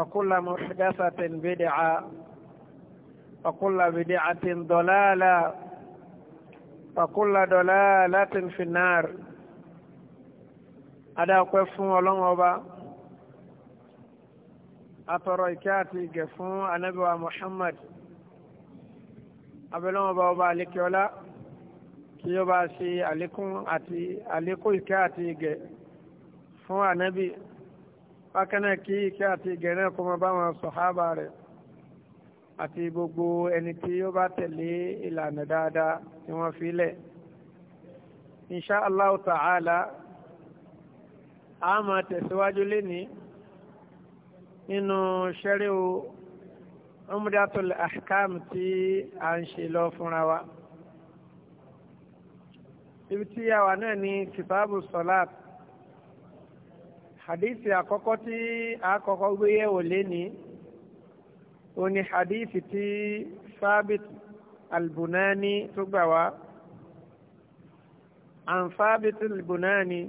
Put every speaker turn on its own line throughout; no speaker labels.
وكل محدثة بدعة وكل بدعة ضلالة وكل ضلالة في النار أدا كفون ولنوبا أتريكاتي كفون أنبوى محمد أبلون bá ọba àlékíọ́lá kí ó bá ṣe àlékún àti àlékún ìkẹ́ àti ìgẹ̀ bákanáà kí ìkẹ́ àti ìgẹ̀rẹ́ kó máa bá wọn sọ̀hábà rẹ̀ àti gbogbo ẹni tí ó bá tẹ̀lé ìlànà dáadáa tí wọ́n fi lẹ̀. insha Allah ta'ala a máa tẹ̀síwájú lénìí nínú ṣẹ́ríwò Umdatul Ahkam tí a ń ṣe lọ fúnra wa. ibi tí a náà ní kìtàbù sọ̀láàtì hadithi àkọ́kọ́ tí a kọ́kọ́ gbé yẹ̀wò léni ó ní hadithi tí Sabit al-Bunani tó gbà wá an Sabit al-Bunani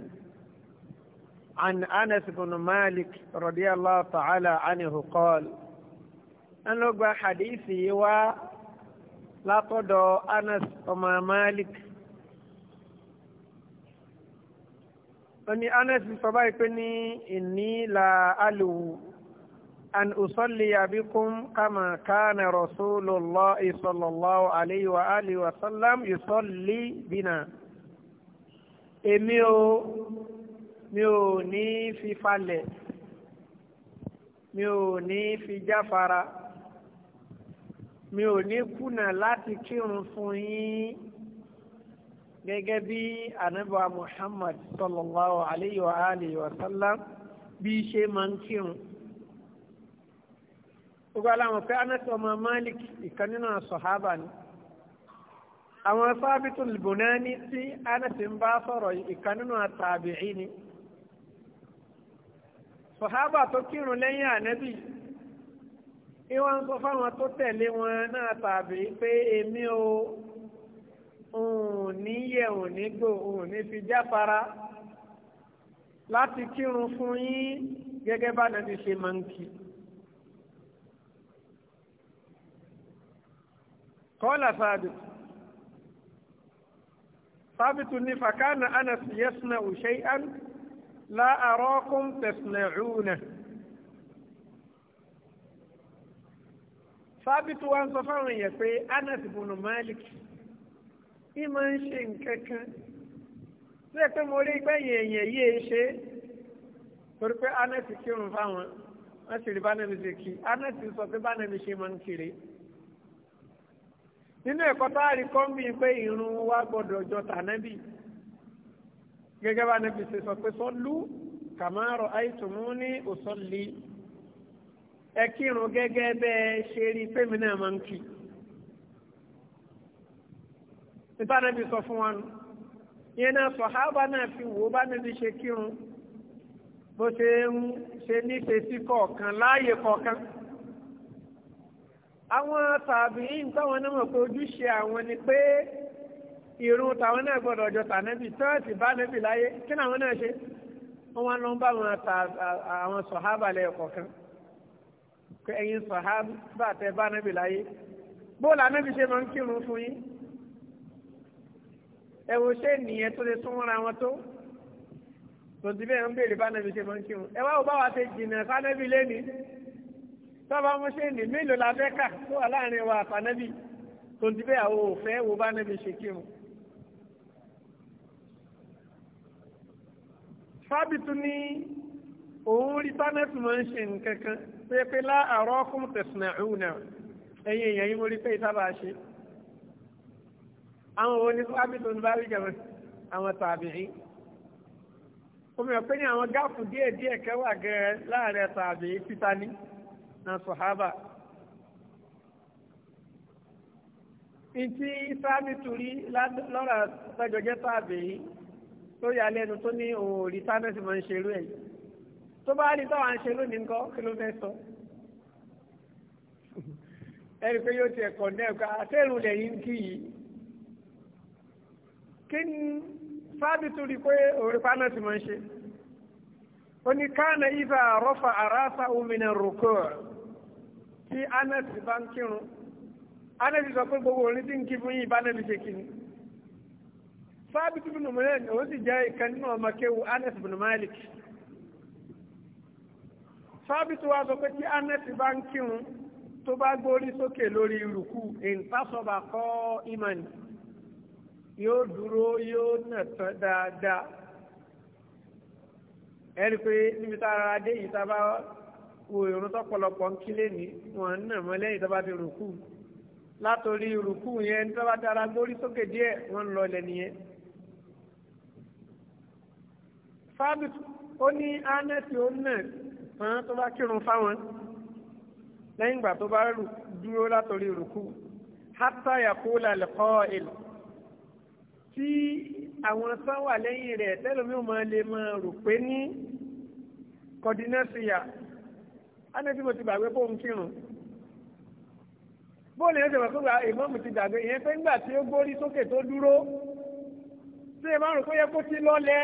an Anas bin Malik radiyallahu ta'ala anhu qal an ló gba hadithi yìí wá Anas ọmọ Malik. oni anas sọ báyìí pé ní inni la alu an usalli bikum kama kana rasulullah sallallahu alayhi wa alihi wa sallam yusalli bina èmi o mi ò ní fi falẹ̀ mi ò ní fi jáfara mi ò ní kùnà láti kírun fún yín gẹ́gẹ́ bí anábà muhammad sallallahu alayhi wa alihi wa sallam bí i ṣe máa ń kírun gbogbo aláwọn pé anas ọmọ malik ìkan nínú sọ̀hábà ni àwọn sábìtù lìbùnáni tí anas ń bá sọ̀rọ̀ ìkan nínú àtàbíì ni sọ̀hábà tó kírun lẹ́yìn ànábì ìwọ̀n sọ fáwọn tó tẹ̀lé wọn náà tàbí pé èmi o òun ní yẹ òun ní gbò òun ní fi jáfara láti kírun fún yín gẹ́gẹ́ bá nàbí ṣe máa ń kí. kọ́lá sábìt sábìt ní fàkánà anas yasna shay'an la arakum tasna'una. sábìt wa ń sọ fáwọn èèyàn pé anas ibn malik í máa ń ṣe nǹkan kan tó yẹ pé mo rí gbẹ̀yìn èèyàn yìí e ṣe torí pé anẹ́tì kírun fáwọn wọ́n sì rí bánẹ́mi ṣe kí anẹ́tì sọ pé bánẹ́mi ṣe máa ń kiri nínú ẹ̀kọ́ tá a rí kọ́ńbì pé ìrun wa gbọ́dọ̀ jọ tànẹ́bì gẹ́gẹ́ bá nẹ́bì ṣe sọ pé sọ́lú kàmáàrọ̀ àìtùmú ní òsọ́lì ẹ kírun gẹ́gẹ́ bẹ́ẹ̀ ṣe rí pé mi náà máa ń kí nípa nàbí sọ fún wọn yẹn náà sọ̀hábà náà fi wò bá nàbí ṣe kírun bó ṣe ń ṣe níṣe sí kọ̀ọ̀kan láàyè kọ̀ọ̀kan àwọn tàbí táwọn náà mọ̀ pé ojúṣe àwọn ni pé irun táwọn náà gbọ́dọ̀ ọjọ́ tànẹ́bì tọ́ọ̀tì bá nẹ́bì láyé kí ni àwọn náà ṣe wọ́n wá lọ ń bá àwọn sọ̀hábà lẹ́yọ̀ kọ̀ọ̀kan pé ẹ̀yin sọ̀hábà tẹ bá nẹ́bì láyé bó lànẹ́bì ṣe máa ń kírun fún yín ẹ wo ṣé nìyẹn tó lè tún ra wọn tó tòtí bẹ́ẹ̀ ń béèrè fánẹ́bí ṣe máa ń kírun ẹ wá ò bá wa ṣe jìnnà fánẹ́bí lẹ́ni tọ́ba mo ṣe nì mélòó la fẹ́ kà tó wà láàrin wa fánẹ́bí tòtí bẹ́ẹ̀ àwọn òfẹ́ wo fánẹ́bí ṣe kírun. fábìtú ní òun rí fánẹ́bí máa ń ṣe nǹkan kan pé láàárọ̀ kún tẹ̀sán ẹ̀hún náà ẹ̀yìn èèyàn mo rí pé ìtàbà ṣe àwọn òun ni sábìtò ní bárí gẹ̀mọ́ àwọn tàbíì omi ọ̀pẹ́ ní àwọn gáàfù díẹ̀ díẹ̀ kẹwàá gẹ̀rẹ́ láàrin tàbíì títa ní na sọ̀hábà ntí sábìtò rí lọ́rọ̀ sẹ́jọ́jẹ́ tàbíì tó yà lẹ́nu tó ní òòrí tánẹ́sì máa ń ṣerú ẹ̀ tó bá rí táwọn ṣe lónìí ńkọ́ kí ló fẹ́ sọ ẹni pé yóò ti ẹ̀kọ́ náà ká àtẹ́rù lẹ́yìn kí yìí kí ni sábìtú rí pé orí fáná ti máa ń ṣe ó ní káàna ìfà rọ́fà àràsà òmìnà rúkọ́ tí anẹ́sì bá ń kírun anẹ́sì sọ pé gbogbo orin tí ń kí fún yìí bá nẹ́bi ṣe kí ni sábìtú bínú mìíràn òun sì jẹ́ ìkan nínú ọmọ kéwu anẹ́sì bínú Malik sábìtú wa sọ pé tí anẹ́sì bá ń kírun tó bá gbórí sókè lórí rùkú ìntàsọ̀bà kọ́ ìmánì yóò dúró yóò nà tán dáadáa ẹ̀rí pé níbi tá ara dé yìí tá a bá wo ìrun tọ́pọ̀lọpọ̀ ń kílé ní wọ́n ń nà mọ́ lẹ́yìn tó bá ti rùkú látòrí rùkú yẹn tó bá dára gbórí sókè díẹ̀ wọ́n ń lọ ilẹ̀ nìyẹn. fábit ó ní ánẹ́tì ó nà tán tó bá kírun fáwọn lẹ́yìn ìgbà tó bá dúró látòrí rùkú hátà yàkó làlẹ́kọ́ èlò tí àwọn sán wà lẹ́yìn rẹ̀ tẹ́lómi ò máa lè máa rò pé ní kọdínẹ́sìyà ánẹ́tí mo ti gbàgbé bóun kírun bóòlù yẹn ti mọ̀ pé ìmọ̀mù ti gbàgbé ìyẹn pé ńgbà tí ó gbórí sókè tó dúró tí ẹ máa rò pé yẹ kó ti lọ́lẹ̀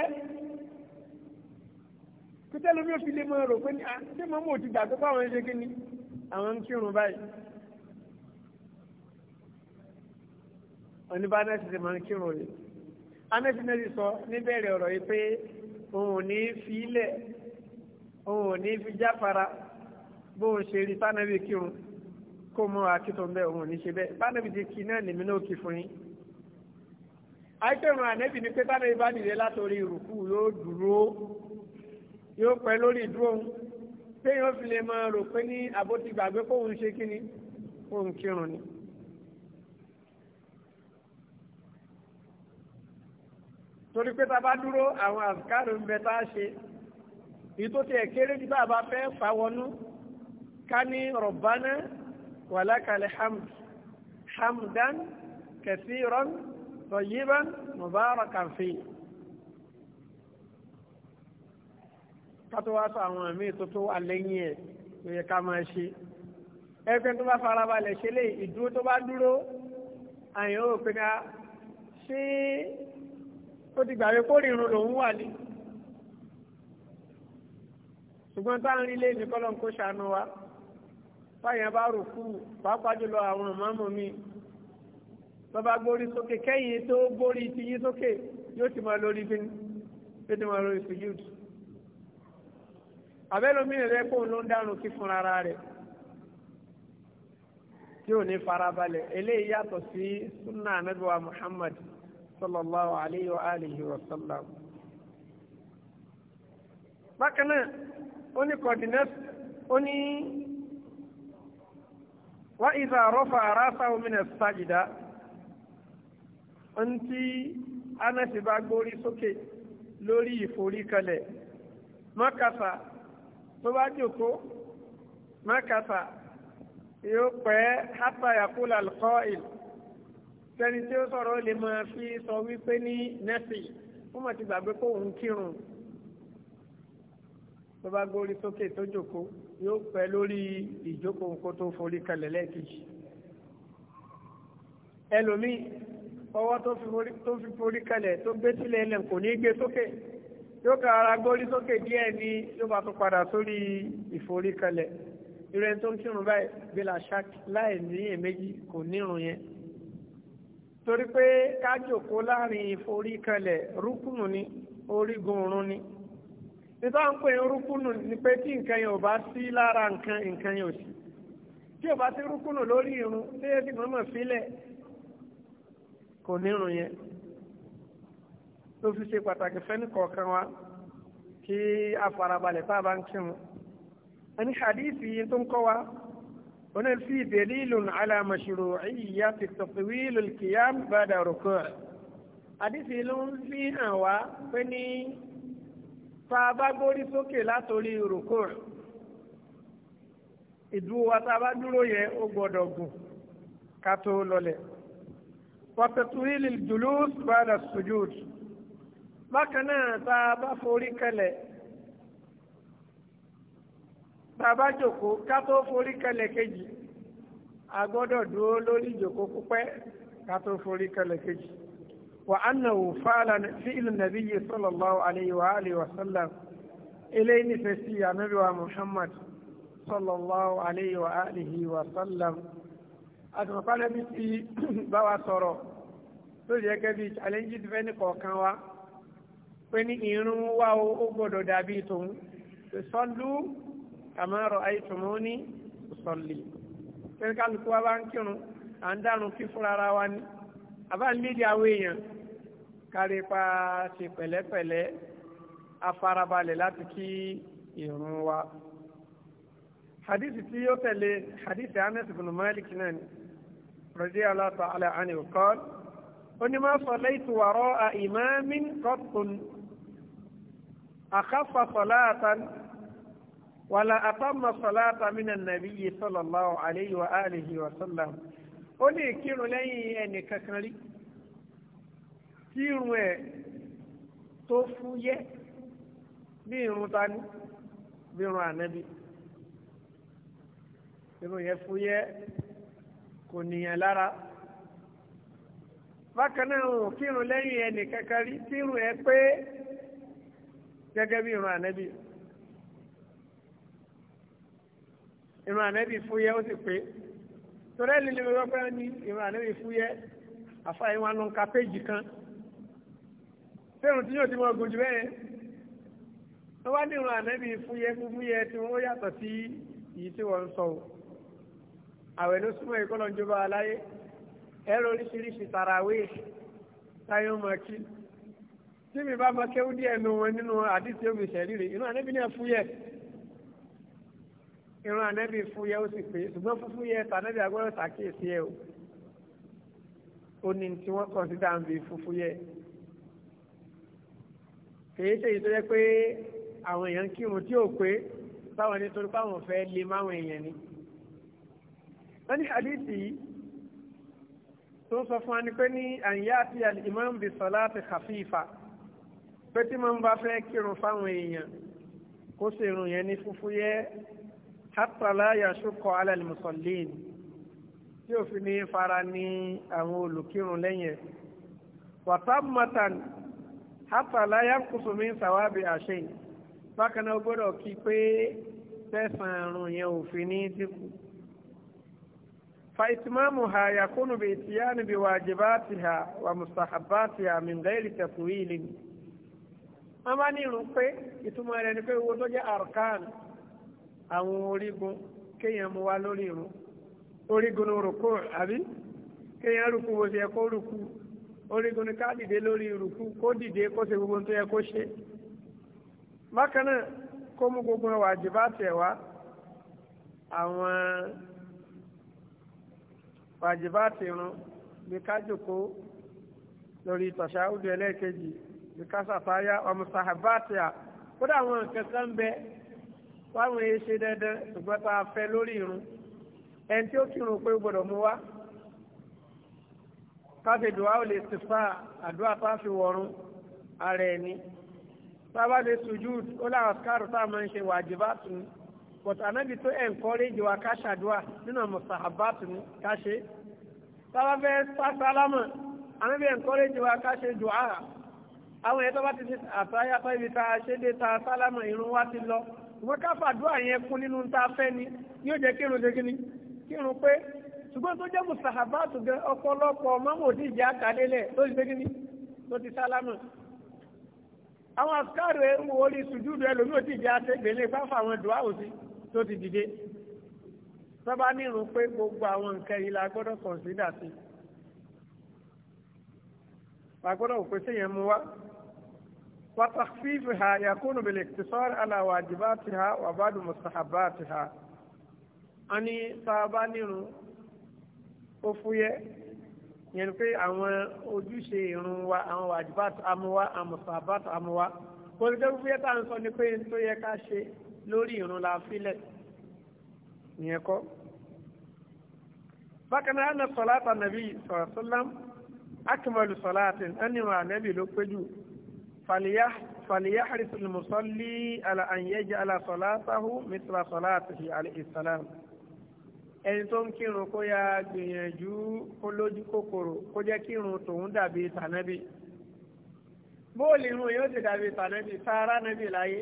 tẹ́lómi ò fi lè máa rò pé ní ṣé mọ́mù ò ti gbàgbé fáwọn ẹ̀ kí ni àwọn ń kírun báyìí. oníbànẹ́sì ti máa ń kírun yìí anẹ́sìnẹ́sì sọ níbẹ̀rẹ̀ ọ̀rọ̀ yìí pé òun ò ní fi ilẹ̀ òun ò ní fi jáfara bó o ṣe rí sánẹ́bì kírun kó mọ akíntun bẹ́ẹ̀ òun ò ní ṣe bẹ́ẹ̀ sánẹ́bì ti kí náà lèmi náà kí fún yín. àìsàn ànẹ́bì ni pé sánẹ́bì bá nìyẹn látòrí ìrùkù yóò dúró yóò pẹ́ lórí ìdúró òun téèyàn fi lè máa rò pé ní àbótigbàgbé kóun ṣe kíni kóun kírun ni. torí pé ta bá dúró àwọn àzùkárò ń bẹ tá a ṣe èyí tó tiẹ̀ kéré jù tá a bá fẹ́ fà wọnú ká ní rọ̀bánà wàlákàlẹ̀ hamd hamdan kẹsíran tọ̀yíban mubarakan fi. kátó àwọn àmì tó tó wà lẹ́yìn ẹ̀ tó yẹ ká máa ṣe ẹgbẹ́ tó bá farabalẹ̀ ṣe lé ìdúró tó bá dúró àyàn ò ká ṣé ó ti gbàgbé kórìírun lòun wà ní ṣùgbọ́n táwọn ilé ní kọ́lọ́n kó ṣàánú wa fáyẹn bá rò kú pàápàá jùlọ àwọn ìmáàmù mi tó bá gbórí sókè kẹ́yìn tó gbórí ti yí sókè yóò ti máa lórí bí yóò ti máa lórí sujud abẹ́lómi rẹ̀ kó ló ń dárun kí fún ara rẹ̀ tí ò ní farabalẹ̀ eléyìí yàtọ̀ sí sunna anabiwa Muhammad sallallahu alayhi wa alihi wa sallam. bákan náà ó ní kọ̀dínẹ́tì ó ní wá ìzà rọ́fà aráṣà omínà sájìdá ń tí anẹ́sì bá gbórí sókè lórí ìforíkalẹ̀ mọ́kàtà tó bá jòkó mọ́kàtà yóò pẹ́ hátà yàkúlà alqa'il tẹni tí ó sọ̀rọ̀ lè máa fi sọ wípé ní nẹ́ẹ̀sì wọ́n mọ̀ ti gbàgbé kó òun kírun tó bá gbórí sókè tó jòkó yóò pẹ́ lórí ìjókòó nǹkó tó forí kalẹ̀ lẹ́ẹ̀kejì ẹlòmíì ọwọ́ tó fi forí kalẹ̀ tó gbé sílẹ̀ ẹlẹ̀ kò ní gbé sókè yóò ká ara gbórí sókè díẹ̀ ní yóò bá tún padà sórí ìforí kalẹ̀ ìrẹ́ tó ń kírun báyìí bí làṣà láì ní èméjì kò nírun yẹn torí pé kájòkó láàrin ìforíkalẹ̀ rúkùnù ni orígun oorun ni nítorí à ń pè rúkùnù ni pé tí nǹkan yẹn ò bá sí lára nǹkan nǹkan yẹn ò sí tí ò bá sí rúkùnù lórí irun tí yẹn ti mọ̀mọ́ sílẹ̀ kò nírun yẹn ló fi ṣe pàtàkì fẹ́ni kọ̀ọ̀kan wa kí a farabalẹ̀ tá a bá ń kírun ẹni hadithi yìí tó ń kọ́ wa. هنا في دليل على مشروعية تطويل القيام بعد ركوع àdìsí ló ń fi hàn wá pé ní tá a bá gbórí sókè látòrí rùkú ìdúró wa tá a bá dúró yẹn ó gbọ́dọ̀ gùn ká tó lọlẹ̀ wàtẹ̀tùwìlì jùlù bàdà sùjúd bákan náà tá a bá forí kalẹ̀ bàbá jòkó ká tó forí kẹlẹ̀ kejì a gbọ́dọ̀ dúró lórí jòkó púpẹ́ ká tó forí kẹlẹ̀ kejì wa annahu fa'ala fi'lu nabiyyi sallallahu alayhi wa alihi wa sallam eléyìí nífẹ̀ẹ́ sí ànábì wa muhammad sallallahu alayhi wa alihi wa sallam àtùmọ̀pálẹ́ bí ti bá wa sọ̀rọ̀ tó yẹ kẹ́ bí challenge fẹ́ ní kọ̀ọ̀kan wa pé ní irun wa ó gbọ́dọ̀ dàbí tòun sallu kama ra'aytumuni usalli tẹ́lẹ̀ kálukú wa bá ń kírun à ń dànù fífúra ara wa ni àbá ń lédi àwọn èèyàn kárí pa ṣe pẹ̀lẹ́pẹ̀lẹ́ afarabalẹ̀ láti kí ìrun wa. hadith tí ó tẹ̀lé hadith anas bin malik náà ni radiyallahu ta'ala anhu qala inni ma sallaytu wara'a imamin qattun akhaffa salatan wàlà àtàmà sọláàtà mìíràn nàbí yìí sallallahu alayhi wa alihi wa sallam ó ní ìkírun lẹ́yìn ẹnì kankan rí kírun ẹ̀ tó fúyẹ́ bí irun ta ní bí irun ànábi irun yẹn fúyẹ́ kò níyàn lára bákan náà ò kírun lẹ́yìn ẹnì kankan rí kírun ẹ pé gẹ́gẹ́ bí irun ànábi. ìrun ànábì fúyẹ́ ó sì pé torí ẹni lè wọ́pẹ́ ní ìrun ànábì fúyẹ́ àfààní wọn lọ́n ka péjì kan fẹ́ràn tí yóò ti mọ ogun jù bẹ́ẹ̀ wọ́n wá ní ìrun ànábì fúyẹ́ fúfúyẹ́ tí wọ́n yàtọ̀ sí èyí tí wọ́n ń sọ o àwẹ̀ ló súnmọ́ ìkọlọ̀ ìjọba aláyé ẹ̀rọ oríṣiríṣi tàràwé táyé ọmọ kí tí mi bá mọ kéwú díẹ̀ nu wọn nínú àdìsí omi ìṣẹ̀lì rè inú ànábì náà ìran ànẹ́bí fúyẹ́ ó sì pé ṣùgbọ́n fún fúyẹ́ tànẹ́bí agbọ́dọ̀ ṣàkíyèsí ẹ̀ o ó ní tí wọ́n kọ̀ǹsídà ń bi fún fúyẹ́ kèé ṣe èyí tó yẹ pé àwọn èèyàn kírun tí ò pé báwọn ní torí báwọn fẹ́ lé máwọn èèyàn ni wọ́n ní àdìsí tó sọ fún wa ni pé ní àyè àti al-imam bi salati khafifa pé tí mo bá fẹ́ kírun fáwọn èèyàn kó ṣèrun yẹn ní fúfúyẹ́ hatta la yashukku ala al-musallin tí ó fi ní fara ní àwọn olùkírun lẹ́yìn ẹ̀ wa tammatan hatta la yanqusu min sawabi àṣẹ bákan ó gbọ́dọ̀ kí pé tẹ̀sán àrùn yẹn ò fi ní dínkù. فإتمامها يكون بإتيان بواجباتها ومستحباتها من غير تطويل أما نيرو pé ìtumọ̀ rẹ̀ ni pé wo tó jẹ́ arkan àwọn orígun kéèyàn mú wá lórí irun orígun rùkú àbí kéèyàn rùkú bó ṣe yẹ kó rùkú orígun ká dìde lórí rùkú kó dìde kó ṣe gbogbo tó yẹ kó ṣe bákan náà kó mú gbogbo ẹwà àjìbá tẹ̀ wá àwọn àjìbá tẹ̀ run bí ká jòkó lórí tàṣáhùdù ẹlẹ́ẹ̀kejì bí ká sàtáyà ọmọ sàhábàtìyà kódà àwọn nǹkan kan bẹ́ẹ̀ fáwọn èyí ṣe dandan ṣùgbọ́n tá a fẹ́ lórí irun ẹni tí ó kírun pé gbọ́dọ̀ mú wá káfí dùá ò lè sì fa àdúrà tá a fi wọ̀run ara ẹni sábà lè sùjúd ó láwọn skáàrù tá a máa ń ṣe wàjibá tún but anábì tó encourage wa ká ṣàdúrà nínú mùsàhábà tún ká ṣe sábà fẹ́ sálámà anábì encourage wa ká ṣe dùá àwọn èyí bá ti ṣe àtàyà tó ibi tá a ṣe dé ta sálámà irun wá ti lọ ṣùgbọ́n ká fàdúrà yẹn kún nínú tá a fẹ́ ni yóò jẹ́ kírun ṣe kíni kírun pé ṣùgbọ́n tó jẹ́ mùsàhábàtù gan ọ̀pọ̀lọpọ̀ mọ́mọ́dé ìjà àkàlélẹ̀ tó ti ṣe kíni tó ti sálámà àwọn àfikàrò ẹ̀rù orí sùjúdù ẹlòmíì ti jẹ́ àtẹ́gbẹ̀lẹ́ fáfà àwọn dùá òsì tó ti dìde sọ́ba nírun pé gbogbo àwọn nǹkan yìí la gbọ́dọ̀ kọ̀ǹsídà sí. wàá gbọ́dọ̀ òpèsè yẹn وتخفيفها يكون بالاقتصار على واجباتها وبعض مستحباتها أني صابانين أفوية yẹn pé àwọn ojúṣe irun wa àwọn wajibat amuwa amusabat amuwa kòlùkẹ́ fúyẹ́ tá à ń sọ ni pé tó yẹ ká ṣe lórí irun la filẹ̀ ìyẹn kọ́. bákan náà ana sọ̀láta nàbí sọ̀rọ̀ sọ́lám akímọ̀lù sọ̀láàtì ẹni wà nàbí ló péjú فليحرص المصلي على أن يجعل صلاته مثل صلاته عليه السلام ẹni tó ń kírun kó ya gbìyànjú kó lójú kòkòrò kó jẹ́ kírun tòun dàbí tànábì bóòlù irun yóò ti dàbí tànábì tá ara nábì láyé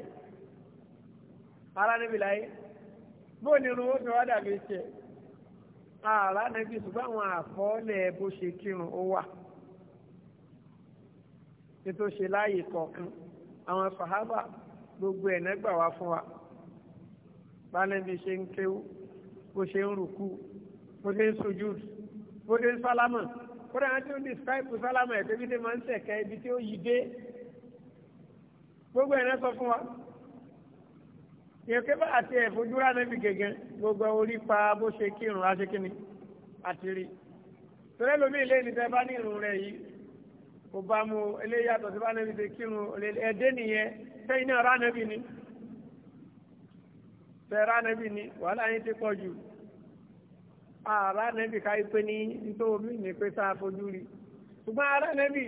ara nábì láyé bóòlù irun ó ti wá dàbí tiẹ̀ ara nábì ṣùgbọ́n àwọn àkọọ́lẹ̀ bó ṣe kírun ó wà ètò ṣe láàyè kọ̀ọ̀kan àwọn sàhábà gbogbo ẹ̀ nẹ́gbà wá fún wa bánẹ́bí ṣe ń kéwú bó ṣe ń rùkú bó ṣe ń sujúd bó ṣe ń sálámà kódà wọn ti ń describe sálámà ẹ̀ tóbi tí máa ń sẹ̀kẹ́ ibi tí ó yí dé gbogbo ẹ̀ náà sọ fún wa ìyẹn kébà àti ẹ̀fọ́júra nẹ́bí gẹ́gẹ́ gbogbo orí pa bó ṣe kírun aṣèkíni àti rí torí ẹlòmíì lé ní tẹ́ bá ní irun rẹ̀ yìí kò bá mu eléyìí yàtọ̀ sí bá nẹ́bi ṣe kírun ẹ̀dẹ́ nìyẹn sẹ́yìn náà ránẹ́bi ni sẹ́ ránẹ́bi ni wàhálà yín ti pọ̀ jù àránẹ́bi káyí pé ní nítorí ní pé sáà fojú rí ṣùgbọ́n aránẹ́bi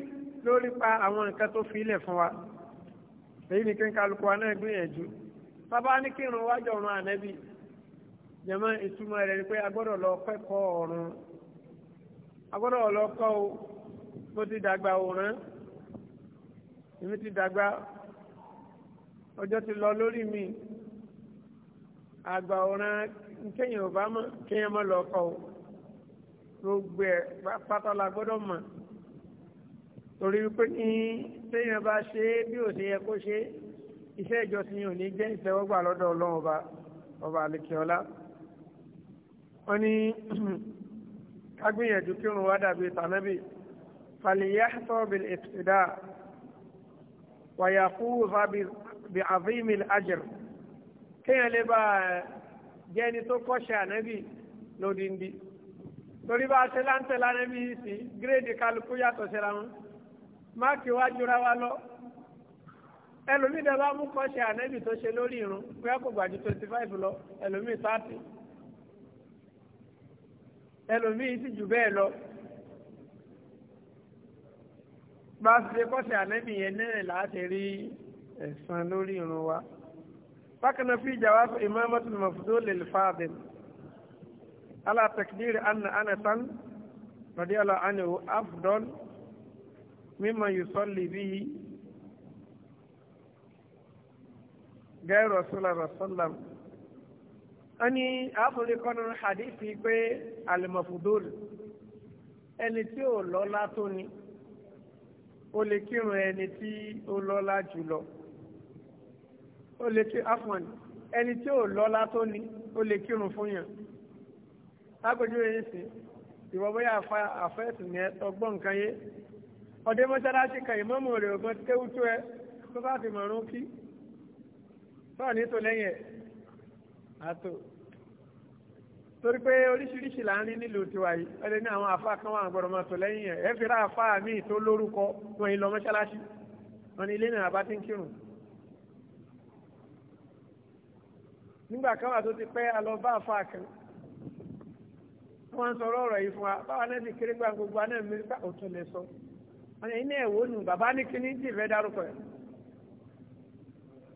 lórí pa àwọn nǹkan tó fi ilẹ̀ fún wa èyí ni kí n kálukú wa náà gbìyànjú bàbá ní kírun wájú ọ̀run ànẹ́bi jẹ̀mọ́ ìtumọ̀ rẹ̀ ni pé agbọ́dọ̀ lọ kẹ́kọ̀ọ́ ọ̀run agbọ́dọ̀ lọ kọ́ o mo ti dàgbà òòrán èmi ti dàgbà ọjọ́ ti lọ lórí mi àgbà òòrán kéèyàn ò bá mọ̀ kéèyàn mọ̀ lọ kọ́ o gbogbo ẹ̀ pátá la gbọ́dọ̀ mọ̀ torí wípé ní téèyàn bá ṣe é bí ò ṣe yẹ kó ṣe iṣẹ́ ìjọsìn ò ní jẹ́ ìtẹ́wọ́gbà lọ́dọ̀ ọlọ́run ọba ọba àlekèọlá wọ́n ní kágbìyànjú kírun wá dàbí tànábì فليحظى بالابتداء ويفوز بعظيم الأجر kéèyàn lè bá jẹ́ ẹni tó kọ́ṣẹ́ ànábì lódìndí torí bá a ṣe láǹtẹ̀ lánàbì yìí sí gírèdì kálukú yàtọ̀ síra wọn máàkì wá jura wa lọ ẹlòmíì dẹ̀ bá mú kọ́ṣẹ́ ànábì tó ṣe lórí irun bóyá kò gbàdú twenty five lọ ẹlòmíì thirty ẹlòmíì sì jù bẹ́ẹ̀ lọ bá a ṣe kọ́sẹ̀ ànẹ́bì yẹn náà láti rí ẹ̀san lórí irun wa bákan náà fi ìjàwá fún imamatu mafudo lil fadil ala takdiri anna anatan radiyallahu anhu afdol mimma yusalli bihi gẹ́rù rasulullah rasulullah ani àfúrí kọ́nà hadithi pé alimafudo ẹni tí ò lọ́lá tó ni ó lè kírun ẹni tí ó lọ́lá jùlọ o lè kí afọ́n ẹni tí ó lọ́lá tó ní ó lè kírun fún yàn lágbèjú yìí sí ìwọ bóyá àfẹ́sùn yẹn ọgbọ́n nǹkan yé ọdẹ mọ́ṣáláṣí kan ìmọ̀mù rẹ̀ ògbọ́n ti ẹ tó bá fi mọ̀rún kí sọ́ọ̀ ní tòlẹ́yìn ẹ̀ àtò torí pé oríṣiríṣi là ń rí nílùú tiwa yìí ẹni ní àwọn àfa kan wà gbọ́dọ̀ máa tò lẹ́yìn ẹ ẹ fi ra àfa míì tó lórúkọ wọn yìí lọ mọ́ṣáláṣí wọn ni ilé náà bá ti ń kírun nígbà kan wà tó ti pẹ́ alọ́bá àfa kan wọ́n sọ̀rọ̀ ọ̀rọ̀ yìí fún wa báwa náà ti kéré gbà gbogbo àná mi bá òtún lè sọ wọn ni iná ẹ̀wọ́ nù bàbá ní kíní tí ìfẹ́ dárúkọ ẹ̀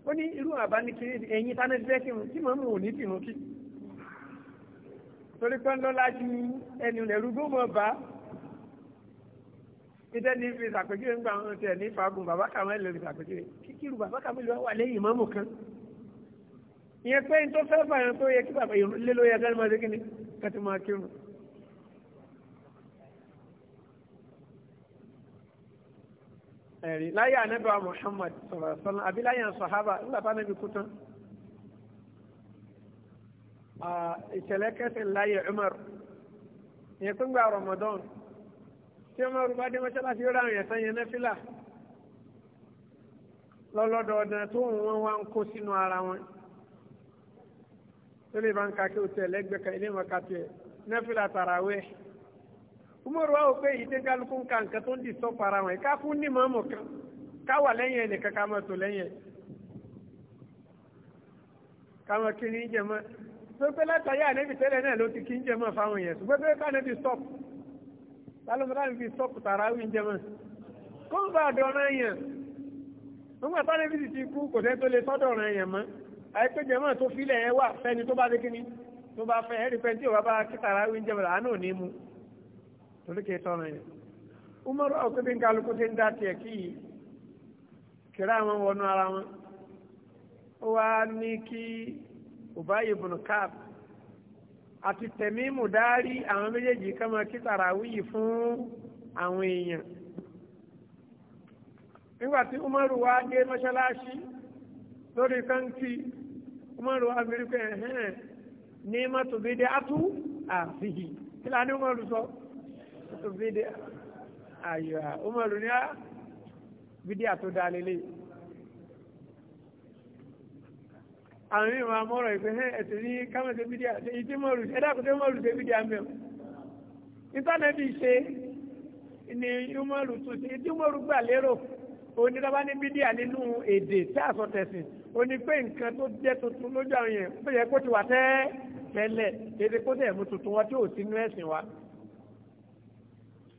ó ní irú bàbá ní kíní ẹ̀yìn tánẹ́tì bẹ́ẹ̀ kírun torí pé ńlọ́lá ju ẹni lẹ́rú gbọ́mọ̀ bá ìdẹ́ ní fi ṣàpèjúwe ń gba àwọn tiẹ̀ ní fagun bàbá kàmú ẹ̀lẹ́ fi ṣàpèjúwe kíkìrù bàbá kàmú ìlú wà lẹ́yìn ìmọ̀mù kan ìyẹn pé tó fẹ́ fàyàn tó yẹ kí bàbá ìrùlé ló yẹ kí wọ́n máa ṣe kí ni kẹ́tù máa kírun. ẹ̀rí láyé ànábì wa Muhammad sọ̀rọ̀ sọ́nà àbí láyé àwọn sàhábà ńlá bá nàbí kú tán Ah, ìṣẹ̀lẹ̀ kẹsẹ̀ láyé Umar ìyẹn tó ń gba Ramadan tí Umar bá dé mọ́ṣáláṣí ó ráhùn ẹ̀sán yẹn nẹ́fìlà lọ́lọ́dọọdún tó ń wọ́n wá ń kó sínú ara wọn tó lè bá ń ka kí o tẹ̀ lẹ́gbẹ̀ẹ́ kan ilé ìmọ̀ká tiẹ̀ nẹ́fìlà tàràwẹ̀ Umar wa ó pé ìdí kálukú ń ka nǹkan tó ń dì sọ́pọ̀ ara wọn ká fún ní mọ́mọ́ kan ká lẹ́yìn ẹnìkan ká máa tò lẹ́yìn ẹ̀ ká kiri ń jẹ mọ́ tó pé látàrí ànẹ́bì tẹ́lẹ̀ náà ló ti kí ń jẹmọ́ fáwọn èèyàn ṣùgbọ́n pé kánẹ́bì stop lálọ́mọdánì fi stop tàràwí ń jẹmọ́ kó ń bá dọ̀rọ̀ èèyàn nígbà tánẹ́bì sì ti kú kò sẹ́ tó lè sọ́dọ̀ ọ̀rọ̀ èèyàn mọ́ àìpé jẹmọ́ tó filẹ̀ ẹ wà fẹ́ni tó bá dé kíní tó bá fẹ́ ẹ̀rí tí ò bá kí tàràwí ń mu torí kì í tọ́rọ̀ èèyàn umaru ọ̀kú bí kálukú ti ń dá tiẹ̀ kí Ubayi ibn Ka'b àti Tẹ̀mímù Dárí àwọn méjèèjì kan máa kí tàràwíyì fún àwọn èèyàn nígbà tí Umaru wá dé mọ́ṣáláṣí lórí kọ́ńtì Umaru wá gbé pé ẹ̀hẹ́n ní mọ́tòbídé átú àfihì kí la ní Umaru sọ mọ́tòbídé ayọ̀ Umaru ní á ah, bídé àtúndà lélẹ́yìí. àwọn mímọ̀ amọ́rọ̀ ìfẹ́ ẹ̀sẹ̀ ní kámẹ́sẹ̀ bídíà èyí tí mọ̀rù ẹ̀dàkùtẹ́ mọ̀rù ṣe bídíà mẹ́m ṣe ni mọ̀rù tún ṣe tí mọ̀rù gbà lérò onídàbá ní bídíà nínú èdè tí àsọ tẹ̀sìn o ní pé nǹkan tó jẹ́ tuntun lójú àwọn yẹn ó yẹ kó ti wà tẹ́ tẹ́lẹ̀ èdè kó tẹ̀ tuntun wọn tí ò sínú ẹ̀sìn wa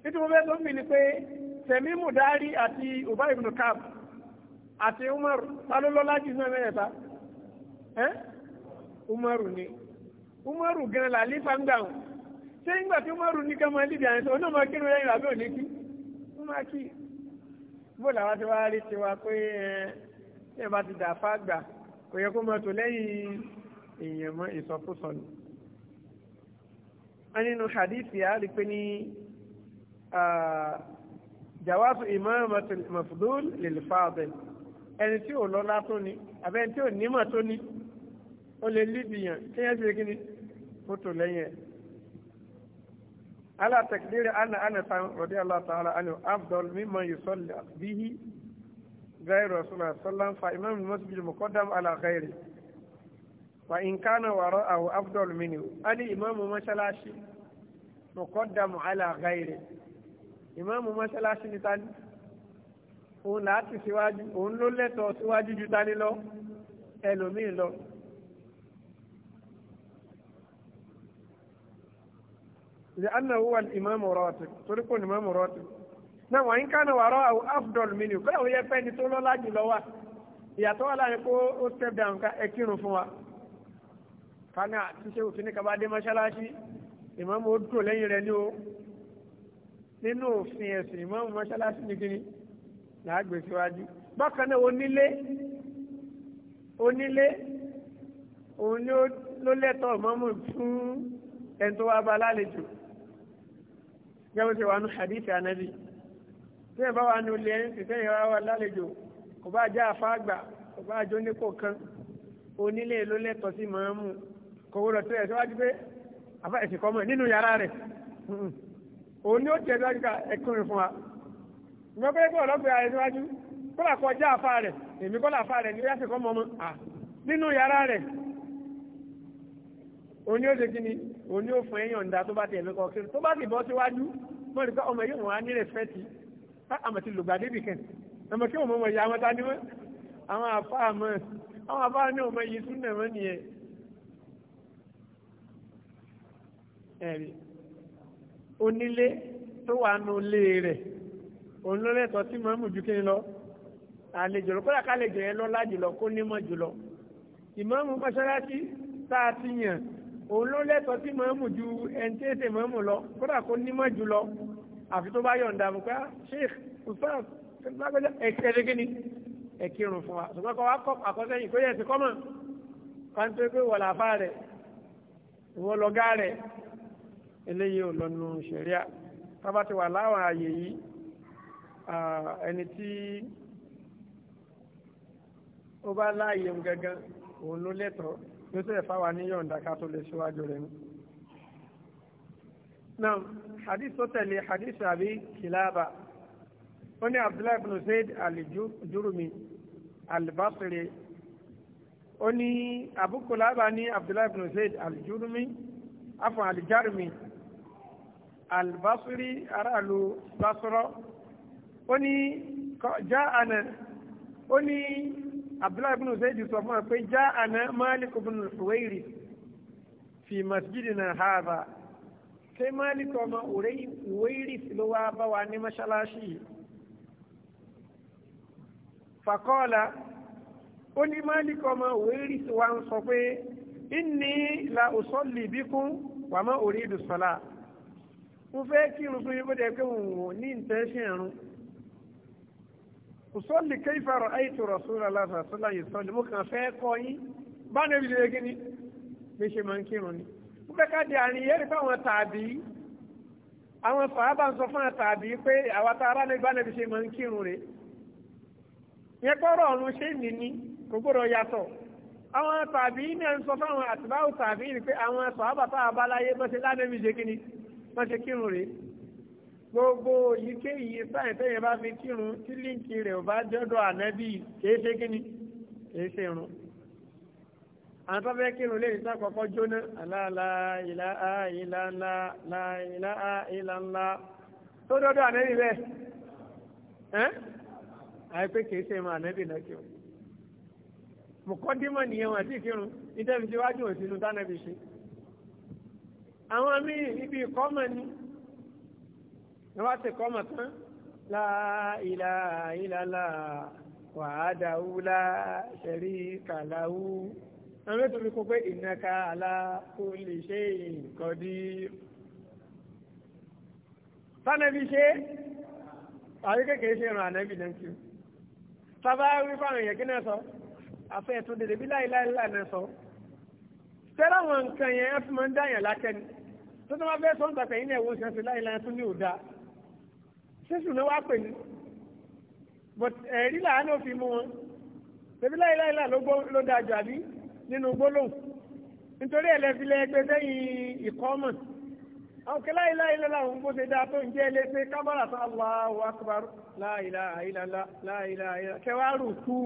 nítorí wọn fẹ́ tó ni pé tẹ̀mí mùdárí àti Ubay ibn Ka'b àti Umar ẹ́ umaru ni umaru gan la alifa ń gbàùn ṣé ń gbà tí umaru ní kama líbi àyẹ̀sọ́ ọ̀nà máa kírun lẹ́yìn àbí òní kí ó máa kí bó làwọn ti wá rí tiwa pé ẹ bá ti dàáfà gbà kò yẹ kó máa tò lẹ́yìn èèyàn mọ́ ìsọkúsọ ni. a nínú hadith yà á rí pé ní jawaatu imamatul mafdul lil fadil ẹni tí ò lọ́lá tó ni àbẹ́ni tí ò nímọ̀ ó lè lídìyàn kí yẹn ṣe kíni ó tò lẹ́yìn ẹ̀. ala takdiri ana ana tan rọ̀dí aláàtàlá anu abdul mimman yusalli bihi gairu rasulullah sallam fa imam al-masjid muqaddam ala ghairi wa in kana wara'ahu afdal minhu ani imam mashalashi muqaddam ala ghairi imam mashalashi ni tani òun láti síwájú òun ló lẹ́tọ̀ọ́ síwájú ju tani lọ ẹlòmíì lọ لأنه هو الإمام راتب طريق الإمام راتب náà wọ́n yín kánà wàrọ́ àwọn afdol mi ni kó làwọn yẹ pẹ́ ni tó lọ́la jùlọ wa ìyàtọ̀ wà láyé kó ó step down ká ẹ kírun fún wa kánà ṣíṣe òfin ní kaba dé mọ́ṣáláṣí ìmáàmù ó dúró lẹ́yìn rẹ̀ ní o nínú òfin ẹ̀sìn ìmáàmù mọ́ṣáláṣí ní kíni làá gbé síwájú bákan náà onílé onílé òun ló lẹ́tọ̀ọ́ ìmáàmù fún ẹni tó wá bá lálejò gẹ́gẹ́ tí wọ́n hadithi anabi tí ẹ bá wà ní olè ẹ̀yìn tìtẹ́ ìyára wà lálejò kò bá já afá àgbà kò bá jó ní kọ̀ọ̀kan onílé ló lẹ́tọ̀ọ́ sí màá mú kò wúrọ̀ tó yẹ síwájú pé àfa ẹ̀sìn kọ́ mọ̀ nínú yàrá rẹ̀ òun ni ó tiẹ̀ síwájú ká ẹ̀kúnrin fún wa ìgbọ́n pé kó ọlọ́gbẹ̀ ààrẹ síwájú kó làkọjá afá rẹ̀ èmi kó làfá rẹ̀ ní yàtìkọ́ mọ́ mọ́ nínú yàrá oní ó ṣe kí ni oní ó fún ẹyàn ǹda tó bá ti ẹ̀mí kọ kí tó bá ti bọ́ síwájú mọ́ nípa ọmọ yìí wọ́n á ní rẹ̀fẹ́tì àmọ̀ ti lògbà débì kan ọmọ kí òun mọ̀ ìyá wọn ta ni wọ́n àwọn àfa àmọ́ àwọn àfa ní ọmọ yìí tún nà wọ́n nìyẹn. ẹ̀rí onílé tó wà nù lé rẹ̀ òun ló lẹ́tọ̀ọ́ tí mọ̀ọ́mù ju kí ni lọ àlejò lọ kódà kálejò yẹn lọ́lá jùlọ kó nímọ̀ jùlọ ìmọ̀ọ́mù òun ló lẹ́tọ̀ọ́ tí mọ̀ọ́mù ju ẹni tí èsè mọ̀ọ́mù lọ kódà kó nímọ̀ jù lọ àfi tó bá yọ̀ǹda mú pé ah, sheikh usman lágbẹ́jọ́ ẹ̀kẹ́rẹ́ gíní ẹ̀kírun fún wa ṣùgbọ́n kọ́ wa kọ́ àkọsẹ́yìn kó yẹ̀ sí kọ́mọ̀ kọ́ńtò pé wọ̀ làfà rẹ̀ ìwọ lọ́gá rẹ̀ eléyìí ò lọ́nu ṣẹ̀ríà tábà ti wà láwọn àyè yìí ẹni tí ó bá láàyè mu òun ló lẹ́tọ̀ọ́ yóò sì fáwa ní yọ̀ǹda ká tó lè ṣíwájú rẹ̀ ni. náà hadith tó tẹ̀lé hadith àbí kìláàbà ó ní abdullahi ibn zayd alijurumi albasri ó ní abu kulaba ní abdullahi ibn zayd alijurumi afọ alijarumi albasri aráàlú basrọ ó ní ja'ana ó ní abdullahi ibn zayd sọ fún wa pé já àná malik ibn huwairi fi masjidina hadha sai malik ọmọ huwairi ló wá bá wa ní mọ́ṣáláṣí faqala ó ní malik ọmọ huwairi wa ń sọ pé inni la usolli bikum wa ma uridu salat mo fẹ́ kírun fún yín bó dẹ̀ ní intention run usọ́lì kẹfà rọ̀ àìtò rọ̀sùn aláṣàṣọ́lá ìsọ́lì mú kàn fẹ́ kọ́ yín bá níbi lè gíní bí ṣe máa ń kírun ni ó fẹ́ ká di àárín yẹ́rì fáwọn tàbí àwọn sàábà ń sọ fún àwọn tàbí pé àwọn tá ará nígbà níbi ṣe máa ń kírun rè yẹ kọ́rọ̀ ọ̀run ṣe nìní kò gbọ́dọ̀ yàtọ̀ àwọn tàbí ní à ń sọ fáwọn àtìbáwò tàbí ni pé àwọn sàábà tá a bọ́ ṣe lá gbogbo èyíkéyìí sáì tẹ́yìn bá fi kírun tí líǹkì rẹ̀ ò bá jọ́dọ̀ ànábì kìí ṣe kíni kìí ṣe irun àwọn tó fẹ́ kírun lè sá kọ́kọ́ jóná aláàlá ìlà á ìlà ńlá lá ìlà á ìlà ńlá tó dọ́dọ̀ ànábì bẹ́ẹ̀ ẹ́ àìpé kìí ṣe irun ànábì náà kírun mọ̀kọ́dímọ̀ nìyẹn wọn àti ìkírun nítorí tí wájú òsínú tánàbì ṣe àwọn míì ibi ìkọ́mọ̀ ni ní wọ́n ti kọ́ mọ̀ tán la ilaha illallah la sharika lahu àwọn ètò mi kó pé innaka ala kulli shay'in qadir fánẹ́bí ṣe àrí kékeré ṣe ìrìn ànẹ́bí lẹ́ńkì sábà wí fáwọn èèyàn kí náà sọ àfẹ́ ẹ̀tún dèdè bí láìláìláì náà sọ tẹ́lá àwọn nǹkan yẹn ẹ fi máa ń dáyàn lákẹ́ni tó tó máa fẹ́ sọ́ńtà pẹ̀yìn náà wọ́n ṣe ń ṣe láìláì tún ní òdà ṣéṣù ló wá pè ní but ẹ̀rí làánú fi mú wọn tẹ̀bí láìláìlá ló dájọ́ àbí nínú gbólóhùn nítorí ẹ̀lẹ́filẹ̀ ẹgbẹ́ sẹ́yìn ìkọ́mọ̀ àwọn kí láìláìlá làwọn bó ṣe dáa tó ń jẹ́ ẹlẹ́sẹ̀ kábàrà sọ Allahu akbar láìláìlá láìláìlá kẹwàá rù kú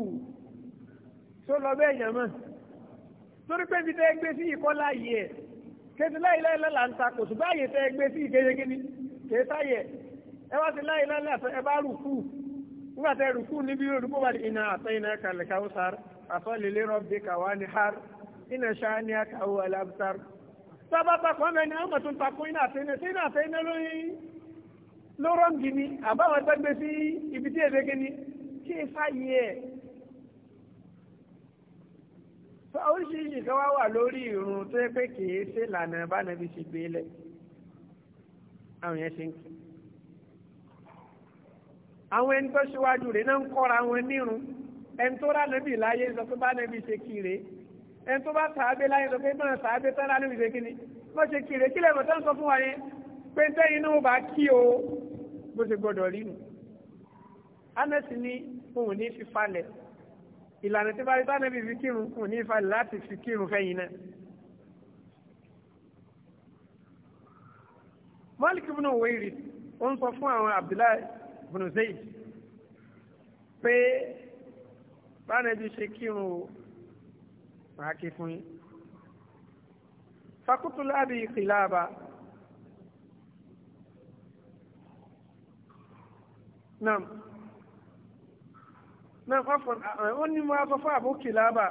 tó lọ bẹ́ẹ̀ yàn mọ́ torí pé ibi tẹ́ gbé sí ìkọ́ láàyè ẹ̀ kẹsì láìláìlá là ń ta kò ṣùgbọ́n àyè tẹ́ gbé sí ìkéyegé ni kẹsàyẹ̀ ẹ wá sí láyé lálẹ́ àtọ́ ẹ bá rùkú nígbà tẹ rùkú níbi olùkó bá di iná àtọ́ iná kàlẹ̀ káwùsàr àsọ̀lélẹ́ rọ́bì kàwá ní har iná ṣáá ní àkàwọ́ alábùsàr. sábà takọ̀ mẹ́ni àwọn tó ń takọ̀ iná àtọ́ iná iná àtọ́ iná lóyún lóró ń gini àbáwọn gbẹgbẹ sí ibi tí èdè gini kí ẹ fàyè ẹ. oríṣiríṣi kan wá wà lórí ìrun tó yẹ pé kì í ṣe ìlànà ìbánabí ti gbé lẹ̀ àwọn yẹn ṣe ń kí àwọn ẹni tó ṣíwájú rẹ̀ náà ń kọ́ra wọn nírun ẹni tó rà nàbì láyé sọ pé bá nàbì ṣe kiri ẹni tó bá sàábé láyé sọ pé bá sàábé tán rà nàbì ṣe kiri bó ṣe kiri kílẹ̀ mọ̀ tán sọ fún wa yẹn pé tẹ́yìn náà bá kí o bó ṣe gbọ́dọ̀ rí nu. anẹ́sì ni òun ní fífalẹ̀ ìlànà tí bá rí bá nàbì fi kírun òun ní fífalẹ̀ láti fi kírun fẹ́yìn náà. mọ́lìkì bùnú wẹ̀rì ó ń sọ fún àwọn Abdullahi bùnú zayd pé bánẹ́bí ṣe kírun o màá kí fún yín fakutu láàbí ìkìláàbà nam nam afọn àwọn ní mo abọ fún àbú kìláàbà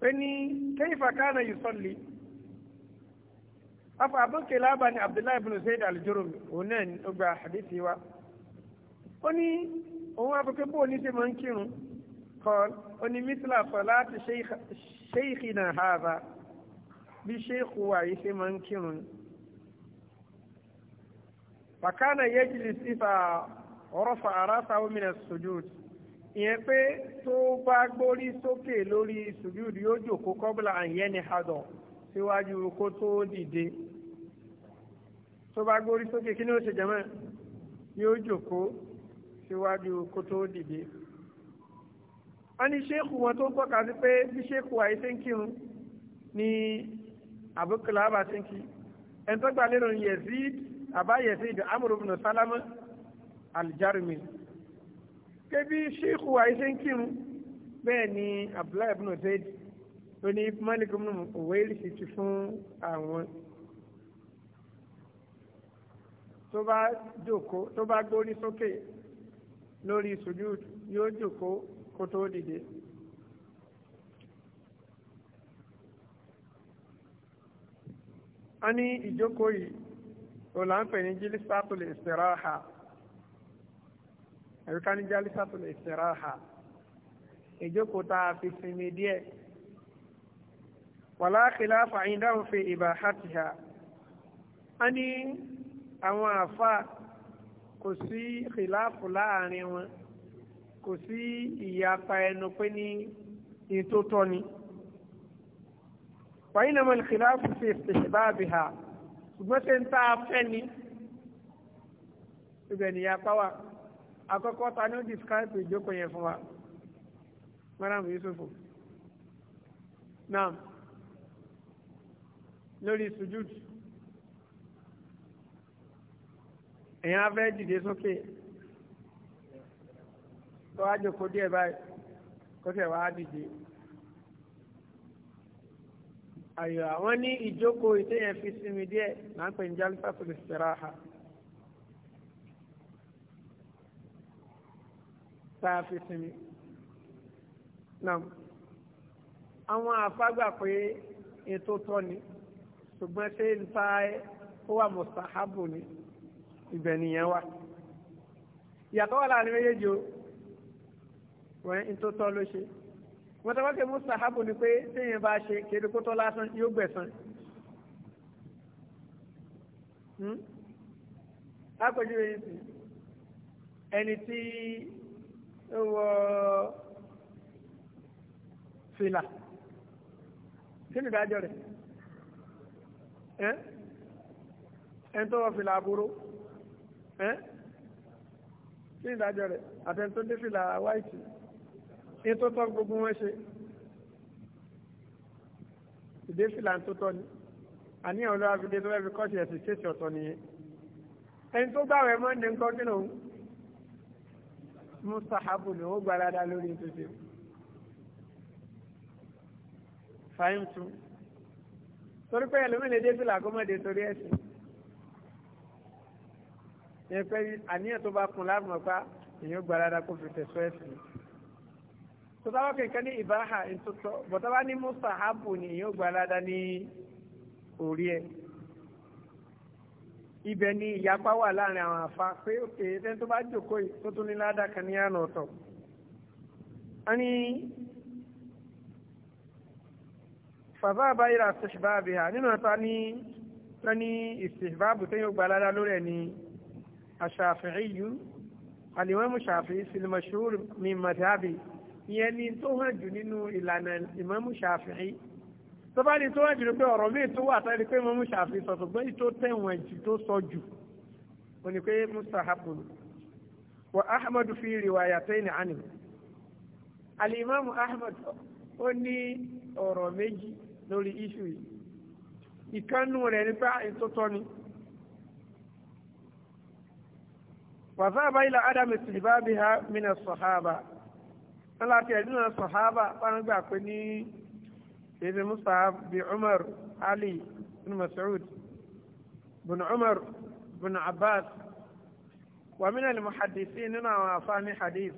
pé ní kayfa kana yusalli afọ àbú kìláàbà ni abdullahi ibn zayd al òun náà ní ó gba ó ní òun wá pé bóun ní ṣe máa ń kírun kọ́l ó ní mísílà salati shaykhina hadha bí ṣéèkù wà yìí ṣe máa ń kírun bàkánà yẹ́jìlì sífà ọ̀rọ̀fà arásáwó mìíràn sujud ìyẹn pé tó bá gbórí sókè lórí sujud yóò jòkó kọ́bùlà àyẹ́ni hadọ̀ síwájú kó tó dìde tó bá gbórí sókè kí ni ó ṣe jẹ́mọ́ yóò jòkó síwájú kó tó dìde wọ́n ní ṣéèkù wọn tó ń tọ́ka sí pé bí ṣéèkù àyè ṣe ń kírun ní àbúkìlá àbá ṣe ń kí ẹni tó gbà lérò ní yẹ̀zíd àbá yẹ̀zíd amru ibn sálámà aljarmi kébí ṣéèkù àyè ṣe ń kírun bẹ́ẹ̀ ni abdullahi ibn zayd ló ní malik ibn uwaili sì ti fún àwọn tó bá jókòó tó bá gbórí sókè lórí sujud yóò jòkó kó tó dìde. a ní ìjókòó yìí òlànfẹ̀ ní jílísàtòlè ìsìráhà àríká ní jílísàtòlè ìsìráhà ìjókòó tá a fi sinmi díẹ̀ wàlá khilafa ìdáhùn fi ìbáhàtìhà a ní àwọn àfáà kò sí ìlàpù láàrin wọn kò sí ìyapa ẹnu pé ní ètò tọ́ ni. wàyí nàmọ́ ìlàpù fi ìṣẹ̀báàbì ha ṣùgbọ́n ṣe ń tá a fẹ́ ni ibẹ̀ ni ìyapa wà àkọ́kọ́ ta ni ó describe ìjókòó yẹn fún wa madam Yusuf naam lórí sujúdù. èèyàn á fẹ́ dìde sókè tó wá jòkó díẹ̀ báyìí kó tẹ̀ wá dìde. àyò àwọn ní ìjókòó ìtẹ̀yẹ̀ fi sinmi díẹ̀ náà pè ní jálífà tó lè ṣẹ̀ra ha. tá a fi sinmi. Nam àwọn àfágbà pé ètò tọ́ ni ṣùgbọ́n ṣé ń ta ó wà mùsàhábù ni ibẹ̀ nìyẹn wà ìyàtọ̀ wà láàrin méjèèjì o wọ́n ń tó tọ́ ló ṣe wọ́n tọ́ wọ́n ké mustahabu ni pé téèyàn bá ṣe kéde kótó lásán yóò gbẹ̀sán hmm? lápèjúwe yìí sí ẹni tí ó wọ fìlà kí ni ìdájọ́ rẹ̀ ẹni tó wọ fìlà aburú ẹ́ kí ìdájọ́ rẹ̀ àtẹni tó dé fìlà wáìtì ní tó tọ́ gbogbo wọn ṣe ìdé fìlà tó tọ́ ni àníyàn olóra fi dé tó fẹ́ fi kọ́ọ̀tì ẹ̀sìn kéèsì ọ̀tọ̀ nìyẹn ẹni tó gbàwé mọ́ndé ńkọ́ kí lòun mustahabu ni ó gbarada lórí títí fàyíntù torí pé ẹlòmíì lè dé fìlà kó mọ̀ dé torí ẹ̀sìn yẹn pé àníyàn tó bá kun láàmú ọ̀pá èèyàn gba dáadáa kó fi tẹ̀sọ́ ẹ̀sìn. tọ́tàwá kẹ̀kẹ́ ní ìbáhà ìtòtọ́ bọ̀tàwá ní mùsàhábù ni èèyàn gba dáadáa ní orí ẹ̀. ibẹ̀ ni ìyapa wà láàrin àwọn àfa pé òkè ẹni tó bá jòkó yìí tó tún ní ládàá kan ní àná ọ̀tọ̀. a ní fàbá àbáyé ra ṣèṣibá àbíhà nínú ọ̀tá ní ìṣèṣibá àbùtẹ́yìn ó gba dáadáa lórí ẹ̀ ní. الشافعي الإمام الشافعي في المشهور من مذهبه ìyẹn ni tó hàn jù nínú ìlànà ìmámù Ṣàfi'í tó bá ní tó hàn jù ní pé ọ̀rọ̀ míì tó wà tẹ́lẹ̀ pé ìmámù Ṣàfi'í sọ̀tọ̀ gbé tó tẹ̀wọ̀n jù tó sọ jù ó ní pé mustahabun wa ahmadu fi riwayatayn anhu al-imamu ahmad ó ní ọ̀rọ̀ méjì lórí iṣu yìí ìkànnù rẹ̀ nípa ìtótọ́ ni. wàzáàbá ilà adam ìsìlìbábi ha mina sọ̀hábà wọn láti ẹ̀dín náà sọ̀hábà wọn gbà pé ní èdè Mus'ab bí Umar Ali bin Mas'ud bin Umar bin Abbas wà mí nàlẹ́ muhadisi nínú àwọn afáàní hadith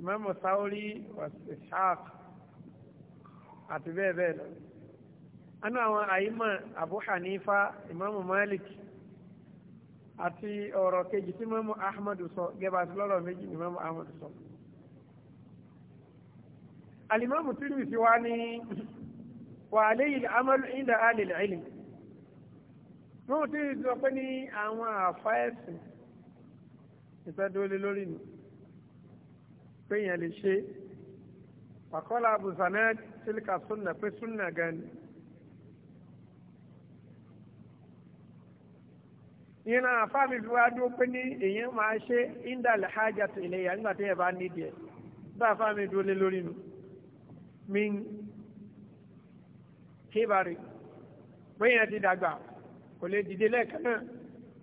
Imam Sawri wa Ishaq àti bẹ́ẹ̀ bẹ́ẹ̀ lọ. anú àwọn àyímọ̀ Abu Hanifa Imam Malik àti ọ̀rọ̀ kejì tí mọ́mú ahmadu sọ gẹ́bà sí lọ́rọ̀ méjì ni mọ́mú ahmadu sọ alimamu tirmisi wa ni wà aléyìn amalu inda alìlẹ̀ ilẹ̀ mọ́mú tirmisi sọ pé ní àwọn àfáẹ́sì ìfẹ́dólé lórí ni pé yẹn lè ṣe pàkọ́lá abu zanad tilka pé sunna gan ni ìran àfáàmì fi wá dúró pé ní èèyàn máa ṣe indalẹ̀ hajj àti ìlẹ̀yà nígbà tí ẹ̀ bá nídìí ẹ̀ bá àfáàmì dúró lé lórí nu mi kébàrè bóyá ti dàgbà kò lè dìde lẹ́ẹ̀kan náà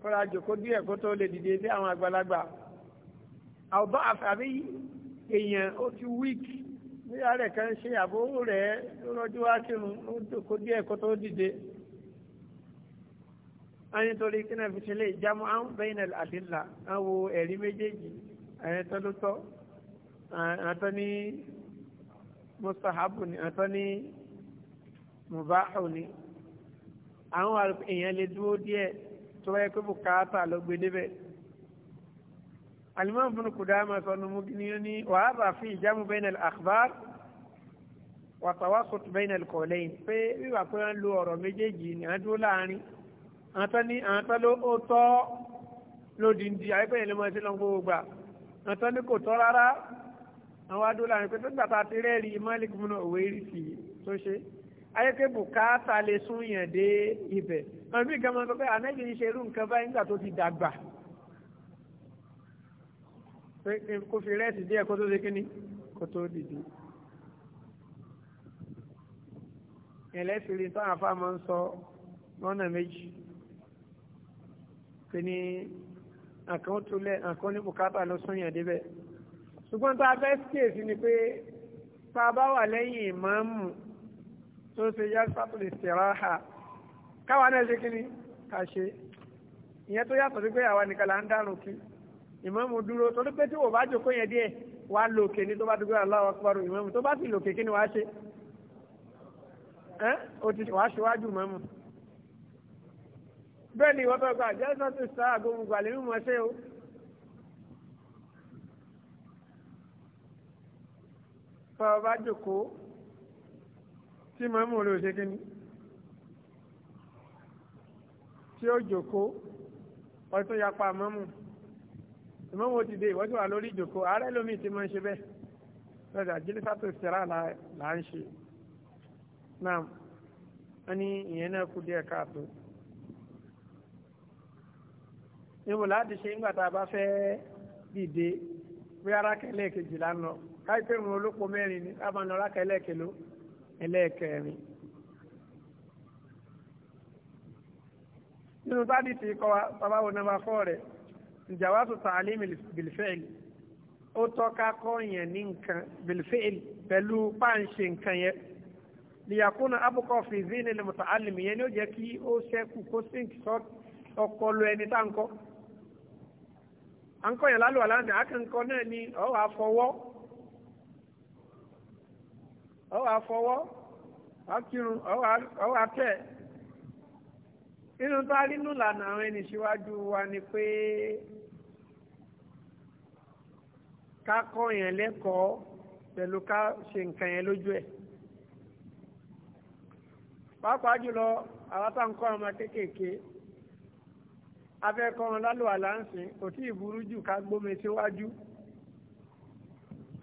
kó ra jòkó díẹ̀ kó tó lè dìde dé àwọn àgbàlagbà àwòbá àfàbí èèyàn ó ti wíìkì bí ààrẹ kan ṣe àbó rẹ̀ lọ́jọ́ wá kírun ó jòkó díẹ̀ kó tó dìde wọ́n ní torí kí náà fi ṣe lè jámọ́ àwọn bẹ́yìn àdìlà àwọn ẹ̀rí méjèèjì àyẹ̀tọ́ ló tọ́ àtọ́ ní mustahabu ni àtọ́ ní mubahu ni àwọn èèyàn lè dúró díẹ̀ tó wáyé pé bùkátà ló gbé débẹ̀ alimọ́ fún kùdáàmà sọnù mugini ní wàhálà fi ìjámù bẹ́yìn àkbár wàtàwásùt bẹ́yìn kọ̀lẹ́yìn pé wíwà pé wọ́n lu ọ̀rọ̀ méjèèjì ni wọ́n dúró àtọ́ ní àtọ́ ló ó tọ́ lódìndí àyẹ́pẹ́ yẹn ló mọ̀ sí lọ́n gbogbo gbà àtọ́ ní kò tọ́ rárá àwọn adúlá rẹ̀ pé tó gbàtà ti rẹ́ẹ̀rí Malik múnà òwe rí sí i tó ṣe ayẹ́pẹ́ bùkátà lè sún yẹn dé tó ti dàgbà ń sọ lọ́nà méjì pé ní àkàn tó lẹ àkàn ní bùkátà ló sọyàn débẹ̀ ṣùgbọ́n tá a fẹ́ kíyèsí ni pé tá a bá wà lẹ́yìn ìmáàmù tó ṣe yasapul istiraha káwa náà ṣe kíni ká ṣe ìyẹn tó yàtọ̀ sí pé àwa nìkan là ń dànù imam ìmáàmù dúró torí pé tí wò bá jókòó yẹn díẹ̀ wà lókè ní tó bá dúró Allahu akbar ìmáàmù tó bá sì lókè kí ni wàá ṣe ẹ́ o ti wàá ṣíwájú ìmáàmù bẹ́ẹ̀ ni ìwọ́tọ̀ gba àjẹ́sọ́ ti sá àgbóhùn gbà lẹ́nu mọ́ ṣe o. tọ́ ọ bá jòkóó tí màá mú olóòṣè kínní tí ó jòkóó ọtún yapa mọ́mù ìmọ̀mù ti dé ìwọ́tí wà lórí ìjòkóó ààrẹ lómi ti máa ń ṣe bẹ́ẹ̀ lọ́dà jílísàtò sẹ́rà là ń ṣe náà wọ́n ní ìyẹn náà kú díẹ̀ káàtó níbo láti ṣe nígbà tá a bá fẹ́ dìde bí arákẹ́ ẹlẹ́ẹ̀kejì lánà káyipẹ́ ìrun olóko mẹ́rin ni ká máa nà arákẹ́ ẹlẹ́ẹ̀kelo ẹlẹ́ẹ̀kẹrin. nínú sáàdì tí kọ́ wa bàbá wo nàmbà fọ́ rẹ̀ ìjàwá tó ta àlẹ́ bìlfẹ́ẹ̀lì ó tọ́ka kọ́ yẹn ní nǹkan bìlfẹ́ẹ̀lì pẹ̀lú páànṣe nǹkan yẹn liyakuna abukọ fìzí ni lè mọ̀tà alìmì yẹn ni ó jẹ́ kí ó ṣẹ́kù kó sínkì sọ́ọ̀kọ́ lu ẹni tá à ń kọyàn lálù àlànà àkànkọ náà ni ọwọ́ àfọwọ́ ọwọ́ àfọwọ́ akírun ọwọ́ àtẹ̀ nínú tá a rí nù àwọn ẹni síwájú wa ni pé ká kọ́ yẹn lẹ́kọ̀ọ́ pẹ̀lú ká ṣe nǹkan yẹn lójú ẹ̀ pàápàá jùlọ àwọn kéékèèké afẹ́kọ́mọ lálùwà láǹsìn kò tí ì burú jù ká gbómi síwájú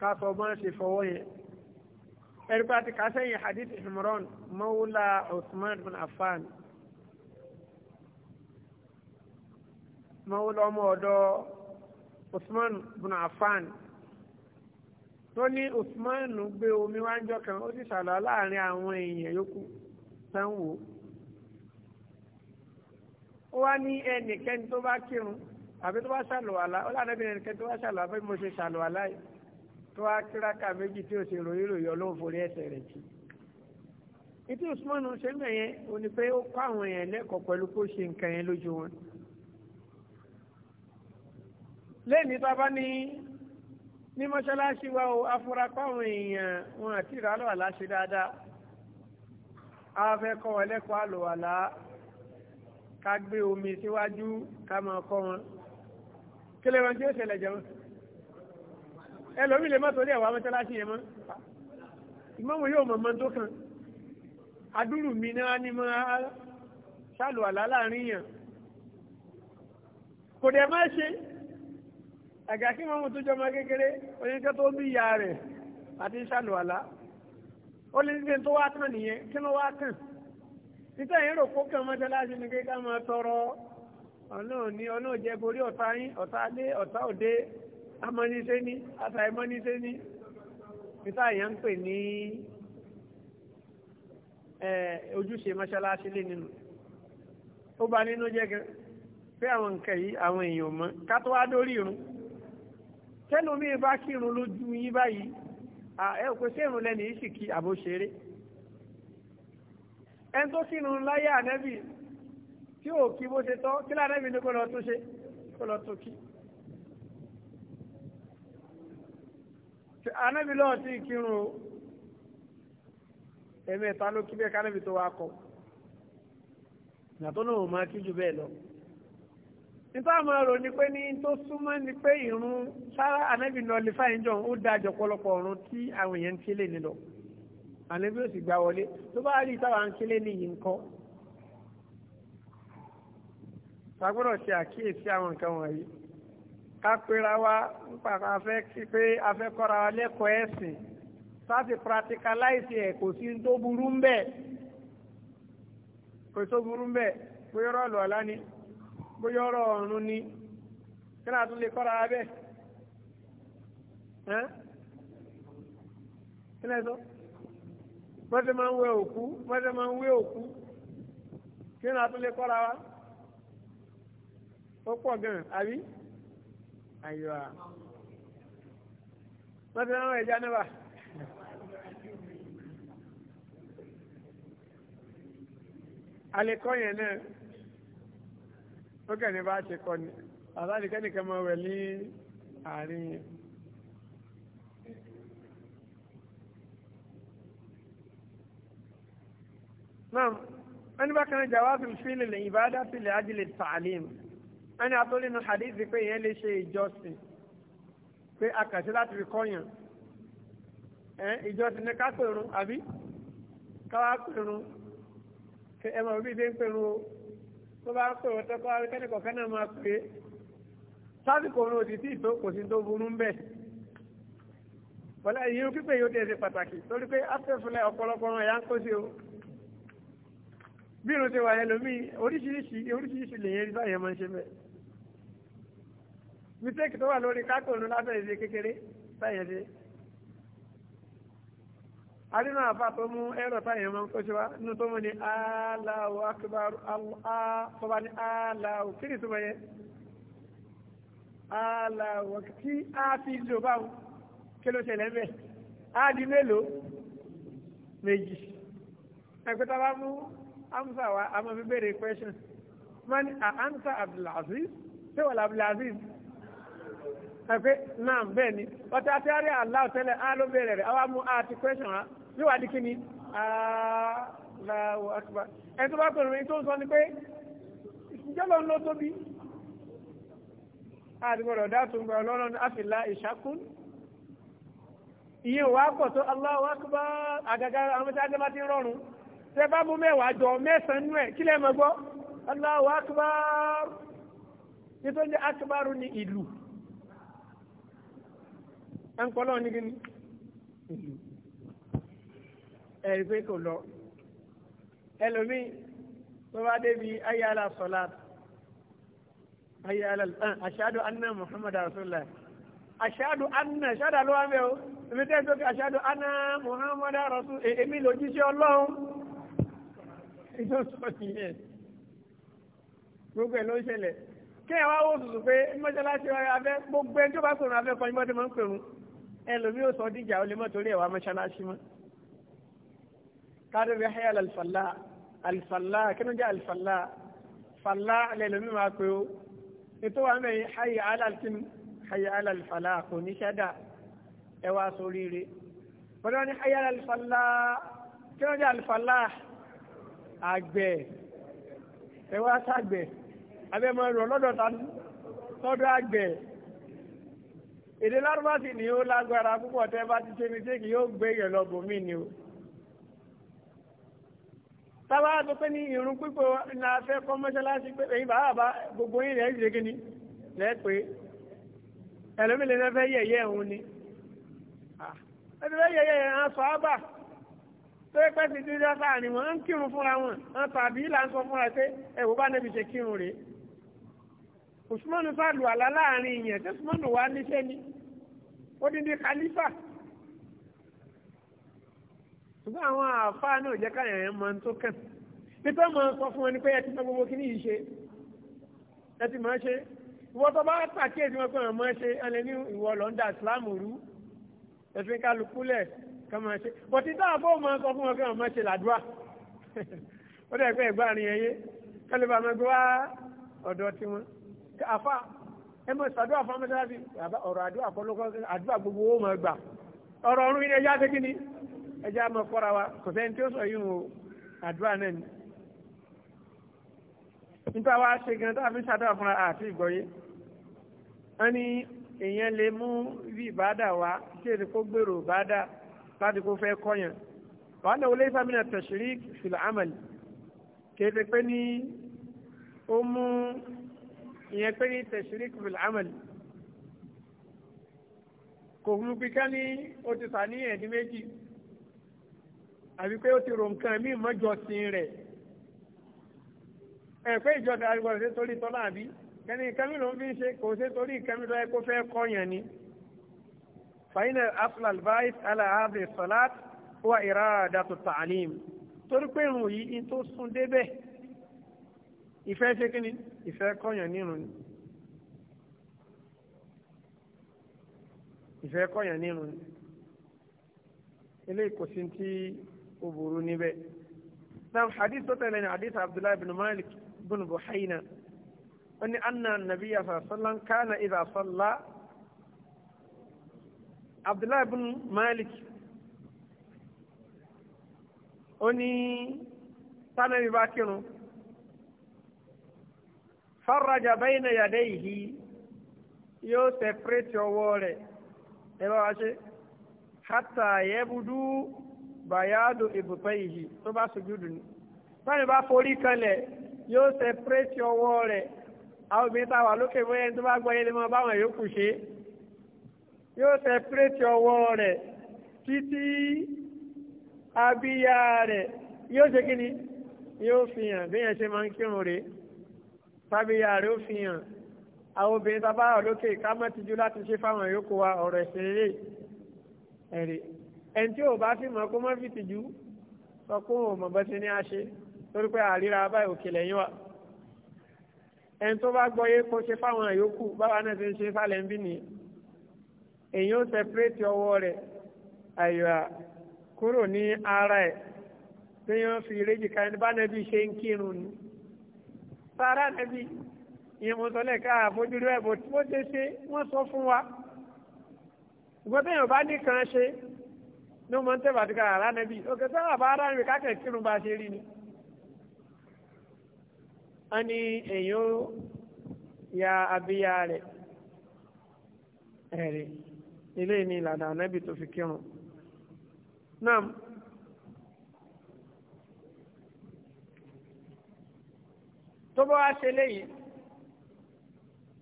ká fọgbọ́n ṣe fọwọ́ yẹn ẹ̀rípa ti ká sẹ́yìn hadith Imran mawla Uthman bin Affan mawla ọmọ ọ̀dọ́ Uthman bin Affan tó ní Uthman gbé omi wájọ kan ó sì sàlọ́ láàrin àwọn èèyàn yòókù sanwó ó wá ní ẹnìkẹ́ni tó bá kírun àbí tó bá ṣàlùwàlá ó lànà bí ẹnìkẹ́ni tó bá ṣàlùwàlá bí mo ṣe ṣàlùwàlá yìí tó wá kíráka méjì tí ó ṣe ròyìn ròyìn ọlọ́run forí ẹsẹ̀ rẹ̀ jì ìtí Usman ṣe mẹ́yẹn ó ní pé ó kọ́ àwọn èèyàn lẹ́kọ̀ọ́ pẹ̀lú kó ṣe nǹkan yẹn lójú wọn lẹ́ni bàbá ní ní mọ́ṣáláṣí wa o afurapá àwọn èèyàn wọn àti ìrànlọ́wà láṣẹ dáadáa àwọn afẹ́kọ̀ọ́ ẹlẹ́kọ̀ọ́ àlòwàlá ká gbé omi síwájú ká máa kọ́ wọn kí lè wọn tí ó ṣẹlẹ̀ jẹun ẹlòmí lè má torí ẹ̀wà mọ́ṣáláṣí yẹn mọ́ ìmọ̀mù yóò mọ̀ mọ́ tó kàn adúrú mi náà ní mọ́ ṣàlùwàlá láàrin yàn kò dẹ̀ má ṣe àgà kí mọ́mù tó jọmọ kékeré oníkẹ́ tó bí ìyá rẹ̀ àti ṣàlùwàlá ó lè ní tó wá kàn nìyẹn kí ló wá kàn. títà yín rò kó kàn ni tọrọ ọlọ́run ní ọlọ́run jẹ borí ọ̀tá yín ọ̀tá dé ọ̀tá òde amọ́nisẹ́ ní àtàìmọ́nisẹ́ ní títà yín ń pè ní ojúṣe mọ́ṣáláṣí lé nínú ó ba nínú jẹ́ gan pé àwọn nǹkan yìí àwọn èèyàn mọ́ ká wá dórí irun tẹ́lómi bá kírun ẹni tó sínú láyé ànẹ́bì tí ò kí bó ṣe tọ́ kí lànẹ́bì ní kó lọ tó ṣe kó lọ tó kí. ànẹ́bì lọ́ọ̀ tí kírun o ẹ̀mẹ́ta ló kí bẹ́ẹ̀ kánẹ́bì tó wá kọ ìyàtọ̀ náà máa kí jù bẹ́ẹ̀ lọ. nípa àwọn ọ̀rọ̀ ni pé ní tó súnmọ́ ni pé ìrun sára ànẹ́bì nọ́ọ̀lì fáyín jọ̀ ó dájọ́ pọ̀lọpọ̀ ọ̀run tí àwọn èèyàn ń kí lè nílọ ànábì ó sì gbà wọlé tó bá rí táwa ń kílé níyì ńkọ́ fagbọ́dọ̀ ṣe àkíyèsí àwọn nǹkan wọ̀nyí ká pera wa nípa afẹ́ pé afẹ́ kọ́ra wa lẹ́kọ̀ọ́ ẹ̀sìn sáti practicalize ẹ̀ kò sí tó burú ń bẹ̀ kò tó burú ń bẹ̀ bóyá ọ̀rọ̀ lọ́la ni bóyá ọ̀rọ̀ ọ̀run ni kí náà tún lè kọ́ra wa bẹ́ẹ̀ kí náà sọ mọ́tẹ́ máa ń wẹ òkú mọ́tẹ́ máa ń wẹ òkú kí ni a tún lè kọ́ra wa ó pọ̀ gan-an àbí àyọ̀ à mọ́tẹ́ máa ń wẹ jánábà. alẹ́kọ́ yẹn náà ó kẹ́ni bá ṣe kọ́ ni àbájáde kẹ́nìkan máa wẹ̀ ní àárín yẹn. náà ẹni bá kan jawaazu fílì lè ìbádá sí lè ájílè tààlìm ẹni àtọ́lẹ́nu hadithi pé ìyẹn lè ṣe ìjọsìn pé àkàṣe láti fi kọ́yàn ìjọsìn ní kápẹ̀rún àbí káwá pẹ̀rún ẹ mọ̀ bí ṣe ń pẹ̀rún o tó bá ń pè wọ́n tẹ́kọ́ akẹ́kọ̀ọ́ kan náà máa pè é sásìkò òun òtítí ìtò kò sí tó burú ń bẹ̀ wọ́n lẹ́yìn irú pípé yóò tẹ̀ ṣe pàtàkì torí pé afẹ́fúnlẹ̀ ọ̀pọ̀lọpọ̀ ọ̀rọ̀ ẹ̀yà ń kó sí o bí irun ti wà ẹlòmíì oríṣiríṣi oríṣiríṣi lèyẹn rí báyẹn máa ń ṣe bẹ́ẹ̀ mistake tó wà lórí kákòónú lábẹ́ ìṣe kékeré báyẹn ṣe adínà àfa tó mú ẹ̀rọ báyẹn máa ń kó ṣe wá nínú tó mú ni Allahu akbar tó bá ní aláwọ kí ni túmọ̀ yẹn aláwọ tí a fi lò báwọn kí ló ṣẹlẹ̀ ń bẹ̀ á di mélòó méjì ẹ̀kúta bá mú amsa wa a máa fi béèrè question Man, ní answer abdulaziz ṣé wọ́n abdulaziz ẹ̀fẹ́ náà bẹ́ẹ̀ ni ọ̀tá tí a rí aláwọ̀ tẹ́lẹ̀ á ló béèrè rẹ̀ mu mú àti question wa yóò wá di kí ni aláwọ̀ àtúbà ẹ̀ tó bá pẹ̀lú mi tó ń sọ ni pé ìjọba ń lọ tóbi àdìgbọ̀dọ̀ dátún gbọ̀ lọ́nà àfìlà ìṣàkún ìyẹn wàá pọ̀ tó aláwọ̀ àtúbà àgàgà àwọn tí a jẹ́ bá ti rọrùn tẹ bá mú mẹ́wàá jọ mẹ́sàn-án nú ẹ̀ kí lẹ́ mọ̀ gbọ́ Allahu akbar nítorí akbaru ní ìlú ẹnkọ́lọ́ ní gíní ìlú ẹ̀rí pé kò lọ ẹlòmíì tó bá débi ayé ala sọlá ayé ala ah, ashadu anna muhammad rasulullah ashadu anna ashadu alówàmẹ́ o èmi tẹ́ sókè ashadu anna muhammad rasul èmi lòjíṣẹ́ ọlọ́run ìjọsọ nìyẹn gbogbo ẹ̀ ló ń ṣẹlẹ̀ kí ẹ wá wò sùsù pé mọ́ṣáláṣí abẹ́ gbogbo ẹni tó bá pèrún abẹ́ kan mọ́tò máa ń pèrún ẹlòmí ò sọ díjà ó lè mọ́ torí ẹ̀wà mọ́ṣáláṣí mọ́ káàdùn bí hayal alfàlá alfàlá kí ló jẹ́ alfàlá fàlá lẹ́lòmí máa pè ó ètò wa mẹ́rin hayi alalkin hayi alalfàlá kò ní ṣẹ́dá ẹwà sóríire wọ́n ní hayi alalfàlá kí ló jẹ́ àgbẹ̀ ẹ wá ṣàgbẹ̀ abẹ́mọ rọ̀ lọ́dọ̀ ta tọ́dọ̀ àgbẹ̀ èdè lárúbá sì ni ó lágbára púpọ̀ tẹ́ bá ti ṣe ní ṣé kì yóò gbé yẹ̀ lọ bòmí ni o tábà tó pé ní irun pípọ̀ ní afẹ́ kọ́ mọ́ṣáláṣí pé èyí bàbá bá gbogbo yín rẹ̀ ṣe kí ni lẹ́pẹ́ ẹlòmílẹ̀ fẹ́ yẹ̀yẹ́ òun ni ẹ̀fẹ́ yẹ̀yẹ́ yẹn á sọ ábà tó pẹ́ ti dídí ọ́sà ni wọ́n ń kírun fúnra wọn wọn tàbí là ń sọ fúnra pé ẹ̀wọ́ bá nẹ́bi ṣe kírun rèé òṣùmọ́nù bá lu àlá láàrin ìyẹn tó ṣùmọ́nù wá níṣẹ́ ni ó dín ní kálífà ṣùgbọ́n àwọn àáfàá náà jẹ́ káyọ̀ yẹn mọ tó kàn pípẹ́ mọ sọ fún wọn ni pé ẹ ti mọ gbogbo kí ní yìí ṣe ẹ ti mọ ṣe ìwọ tó bá pàkíyèsí wọn pé wọn mọ ṣe ẹlẹ́ni ìwọ kama ṣe bọ̀tí tá àbọ̀ máa sọ fún wọn kí wọ́n máa ṣe làdúrà ó dẹ̀ pé ẹ̀gbọ́n àrùn yẹn yé kálíbà máa gbé wá ọ̀dọ̀ tiwọn àfa ẹ mọ̀ ṣàdúrà fún amẹ́sàlásì ọ̀rọ̀ àdúrà kọ́lọ́kọ́ àdúrà gbogbo ó máa gbà ọ̀rọ̀ ọ̀run ilé ẹja tẹ́kí ni ẹja máa kọ́ra wa kò sẹ́ni tí ó sọ yìí o àdúrà náà ni níta wá ṣe gan tá a fi ṣàdúrà fúnra àti ìgbọ́yé wọ́n ní èèyàn lè mú bí ìbádà wá tí èdè kó gbèrò ìbádà láti kó fẹ́ kọ́yàn wà náà wọlé ìfàmìnà tashrik fil amal kéde pé ní ó mú ìyẹn pé ní tashrik fil amal kò mú bí ká ní ó ti sà ní ẹ̀dí méjì àbí pé ó ti rò nǹkan mí mọ́jọ́sìn rẹ̀ ẹ̀pẹ́ ìjọba àgbọ̀n ṣe torí tọ́lá àbí kẹ́ni kẹ́mi ló ń fi ṣe kò ṣe torí kẹ́mi lọ́yẹ kó fẹ́ kọ́yàn ni. فإن أصل الباعث على هذه الصلاة هو إرادة التعليم torípé irun yìí in tó sún débẹ̀ ìfẹ́ ṣe kí ni ìfẹ́ kọ́yàn nírun ni ìfẹ́ kọ́yàn nírun ni eléyìí kò sí ti ó burú níbẹ̀ náà hadith tó tẹ̀lé ni hadith abdullahi bin malik bin buhayna ó ní anna nabiya sallallahu alaihi wa sallam kana idha salla abdullahi bin malik ó ní tánàbí bá kírun faraja bayna yadayhi yóò sẹpẹrẹtì ọwọ́ rẹ̀ ẹ bá wá ṣe hata yẹbudu bayadu ibùpẹ́yìí tó bá sojúdu ni tánàbí bá forí kanlẹ̀ yóò sẹpẹrẹtì ọwọ́ rẹ̀ àwọn obìnrin táwa lókè bóyá ẹni tó bá gbọ́ yẹn báwọn yòókù ṣe yóò sẹpẹrẹtì ọwọ́ rẹ̀ títí abíyá rẹ̀ yóò ṣe kí ni yóò fi hàn bíyẹn ṣe máa ń kírun rè tábíyá rẹ̀ ó fi hàn àwọn obìnrin tá a bá wà lókè ká má tijú láti ṣe fáwọn yòókù wa ọ̀rọ̀ ẹ̀sìn eré ẹ̀rì ẹni tí ò bá fi mọ̀ kó má fi tìjú sọ pé òun ò mọ̀ bọ́ sí ní àṣẹ torí pé àríra báyìí òkè lẹ́yìn wa ẹni tó bá gbọ́ yé kó ṣe fáwọn yòókù báwa náà ti ń ṣe fálẹ̀ ń bí nìyẹn èyí ó sẹpẹrẹtì ọwọ́ rẹ̀ àyà kúrò ní ara ẹ̀ tí wọ́n fi réjì ká ẹni bá nẹ́bí ṣe ń kírun ni sára nẹ́bí ìyẹn mo sọ lẹ́ka àbójúrú ẹ̀ bó tí ó ṣe ṣe wọ́n sọ fún wa ìgbọ́n tẹ̀yìn ọba nìkan ṣe ní ọmọ tẹ́ bàtìkà ara nẹ́bí òkè sára bá ara rẹ̀ kákẹ́ kírun bá ṣe rí ni. a ní èyí ó ya abíyá rẹ̀ ẹ̀rẹ̀ eléyìí ni ìlànà ànábì tó fi kírun náà tó bá wá ṣe léyìí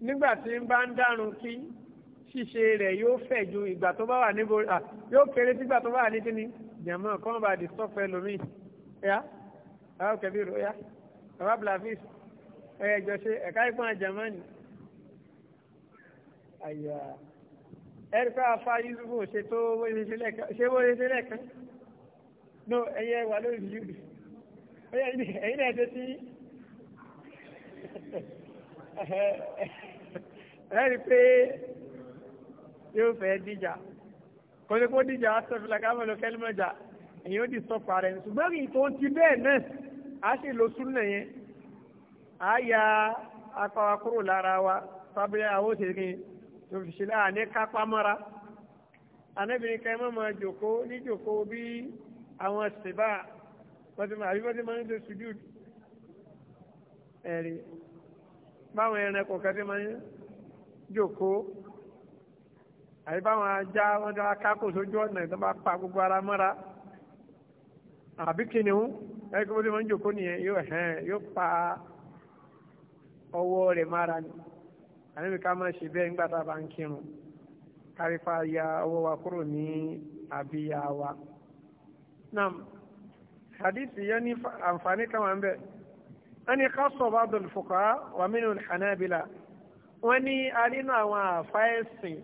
nígbà tí ń bá ń dárun kí ṣíṣe rẹ̀ yóò fẹ̀ ju ìgbà tó bá wà níbo yóò kéré sígbà tó bá wà ní kíni jẹ̀mọ́ kọ́ bá di sọ́fẹ́ lómi ya báwo kẹbí ro ya bàbá blafis ẹ̀ẹ́dọ̀ ṣe ẹ̀ka ìpọ́n àjẹmọ́ ni. Àyà. Uh, ẹ̀ríkọ́ afá yusufu ṣe tó ṣe wọ́n ṣe lẹ́ẹ̀kan no ẹ̀yẹ wà lórí yúdù ẹ̀yìn náà ṣe tí ẹ̀rí pé yóò fẹ́ díjà kò ní kó díjà sọ́fìlà káwọn lọ kẹ́lí mọ́jà èyí ó di sọ́pà rẹ̀ ṣùgbọ́n kì í tó ti bẹ́ẹ̀ náà a sì lo súnà yẹn a ya apá wa kúrò lára wa sábẹ́ àwọn òṣèré tó fi ṣe láà ní kápá mọ́ra anábìnrin kan mọ́ máa jòkó ní jòkó bí àwọn ṣèbá àbí bọ́tí máa ń ṣe sùjúd ẹ̀rí báwọn ẹranko kan tí máa ń jòkó àbí báwọn ajá wọn tí wọn kákò sójú ọ̀nà tó bá pa gbogbo ara mọ́ra àbí kìnìún ẹ̀rí kí bọ́tí máa ń jòkó nìyẹn yóò pa ọwọ́ rẹ̀ mára ni àníbi ká máa ṣe bẹ́ẹ̀ nígbà tá a bá ń kírun kárífà ya ọwọ́ wa kúrò ní àbíyá wa. nam hadithi yẹn ní àǹfààní kan wà ń bẹ̀ wọ́n ní kásọ̀ bá dọ̀lù fòkà wà mínú hànábìlà wọ́n ní a nínú àwọn àfa ẹ̀sìn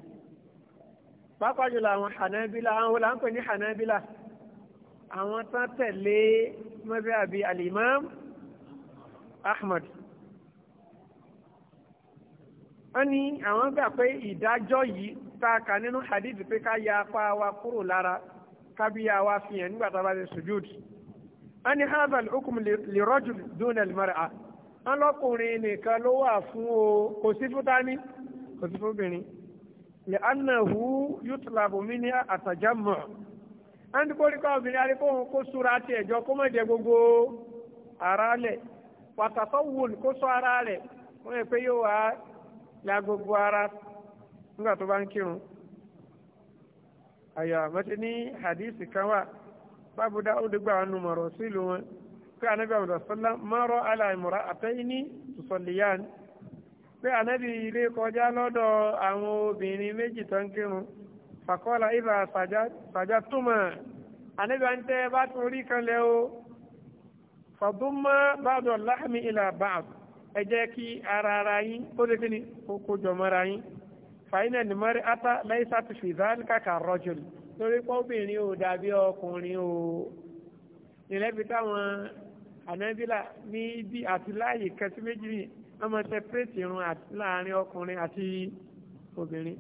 pàápàá jùlọ àwọn hànábìlà àwọn wòlá ń pè ní hànábìlà àwọn tán tẹ̀lé mọ́bí àbí alimam ahmad wọ́n ní àwọn gbà pé ìdájọ́ yìí tá a kà nínú hadith pé ká ya apá wa kúrò lára kábíyá wa fi hàn nígbà tá a bá ṣe sujud wọ́n ní herbal hukum lè rọ́jù dúnà lìmọ́ra wọ́n lọ́kùnrin nìkan ló wà fún o kò sí fún tání kò sí fún obìnrin lè anahu yutlabu mini atajamu wọ́n ti kó rí ká obìnrin kó súra tiẹ̀ jọ kó má gbogbo ara lẹ̀ pàtàkó wùn kó sọ ara rẹ̀ wọ́n yẹ pé yóò wá la gbogbo ara nígbà tó bá ń kírun àyà àmọ́tí ní hadisi kan wà bábu dáúdú gbà wọn numọ̀rọ̀ sílùú wọn pé anábì àmọ̀dọ̀ sọ́lá mọ́rọ̀ aláìmọ̀ra àtẹ́yìn tùsọ̀lìyàn pé anábì ilé kọjá lọ́dọ̀ àwọn obìnrin méjì tó ń kírun fàkọ́lá ibà sàjá túmọ̀ anábì àti tẹ́ bá tún rí kan lẹ́ o fàdúmọ́ ba'du láhàmì ìlà ẹ jẹ́ kí ara ara yín ó lè kíni ó kó jọ mọ́ra yín fàyínà ní mọ́rí átá láì sátìfì záàlìkà kà rọ́jòl lórí pọ́ obìnrin ò dàbí ọkùnrin o ìrẹ́bi táwọn ànábìlà ní ibi àti láàyè kẹsí méjì ní ọmọ sẹpẹrẹtì irun láàrin ọkùnrin àti obìnrin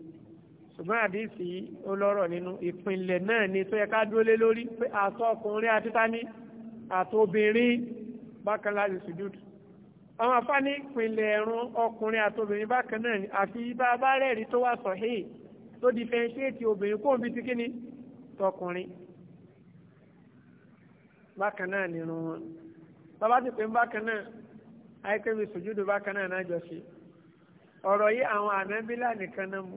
ṣùgbọ́n àdìsí olọ́rọ̀ nínú ìpínlẹ̀ náà ni tó yẹ ká dúró lé lórí pé àtọkùnrin àti tani àtobìnrin bákan láti sùjúdù àwọn afá ní ìpínlẹ̀ ẹ̀rùn ọkùnrin àtòbìnrin bákan náà ni àfi bá bá rẹ̀rí tó wà sọ̀hí tó dìfẹ́ńṣẹ́ẹ̀tì obìnrin kóhùn bí ti kíni tọkùnrin bákan náà nínú wọn bàbá ti pè ń bákan náà àìkébí sùjúdù bákan náà náà jọ ṣe ọ̀rọ̀ yìí àwọn ànábílà nìkan náà mú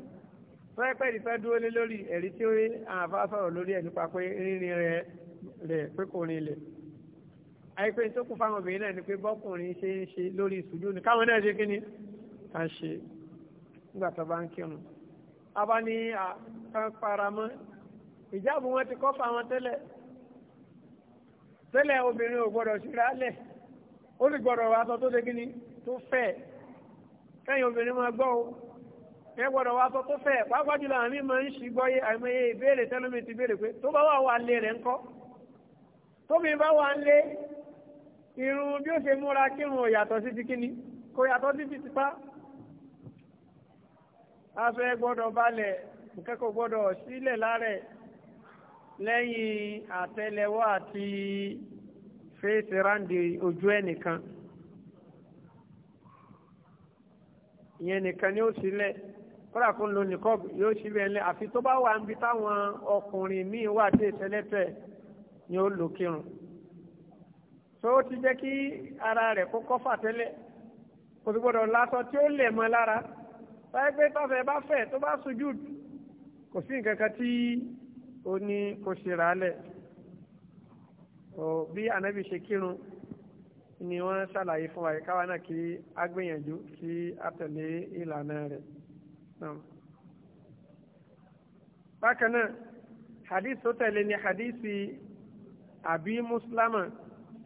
pẹ́ẹ́pẹ́ ìfẹ́ dúró lé lórí ẹ̀rí tí ó rí àwọn afá sọ̀rọ̀ lórí ẹ̀ nípa pé rírin rẹ̀ pé kò rin àìpé tó kún fáwọn obìnrin náà ni pé bọ́kùnrin ṣe ń ṣe lórí ìṣújú ni káwọn náà ṣe kí ni ká ṣe nígbà tó bá ń kírun a bá ní àfaramọ́ ìjáàbù wọn ti kọ́ fáwọn tẹ́lẹ̀ tẹ́lẹ̀ obìnrin ò gbọ́dọ̀ síra lẹ̀ ó lè gbọ́dọ̀ wá sọ tó ṣe kí ni tó fẹ́ kẹ́yìn obìnrin máa gbọ́ o ẹ gbọ́dọ̀ wá sọ tó fẹ́ pàápàá jùlọ àmì máa ń ṣì gbọ́yé àìmọye ìbéèrè tẹ́lómi ti béèrè pé tó bá wà wà lé rẹ̀ ńkọ́ tómi bá wà ń lé irun bí ó ṣe múra kírun ò yàtọ̀ sí ti kíni kò yàtọ̀ sí ti tipa afẹ́ gbọ́dọ̀ balẹ̀ nǹkan kò gbọ́dọ̀ sílẹ̀ lárẹ̀ lẹ́yìn àtẹ́lẹwọ́ àti fèsì ráǹdì ojú ẹnìkan ìyẹn nìkan ni ó sílẹ̀ kódà kó ń lo nìkọ́ọ̀bù yóò sí bẹ́ẹ̀ lẹ́ àfi tó bá wà níbi táwọn ọkùnrin míì wà tí ìṣẹ́lẹ́tẹ̀ ni ó lò kírun so ó ti jẹ́ kí ara rẹ̀ kó kọ́fà tẹ́lẹ̀ kò sì gbọ́dọ̀ láṣọ tí ó lẹ̀ mọ́ lára báyìí pé tọ́fẹ̀ bá fẹ̀ tó bá sojú kò sí nǹkan kan tí ó ní kò ṣe rà á lẹ̀ bí anabi ṣe kírun ni wọ́n ṣàlàyé fún wa káwa náà kí a gbìyànjú kí a tẹ̀lé ìlànà rẹ̀ bákan náà hadith tó tẹ̀lé ni hadith àbí mùsùlámà.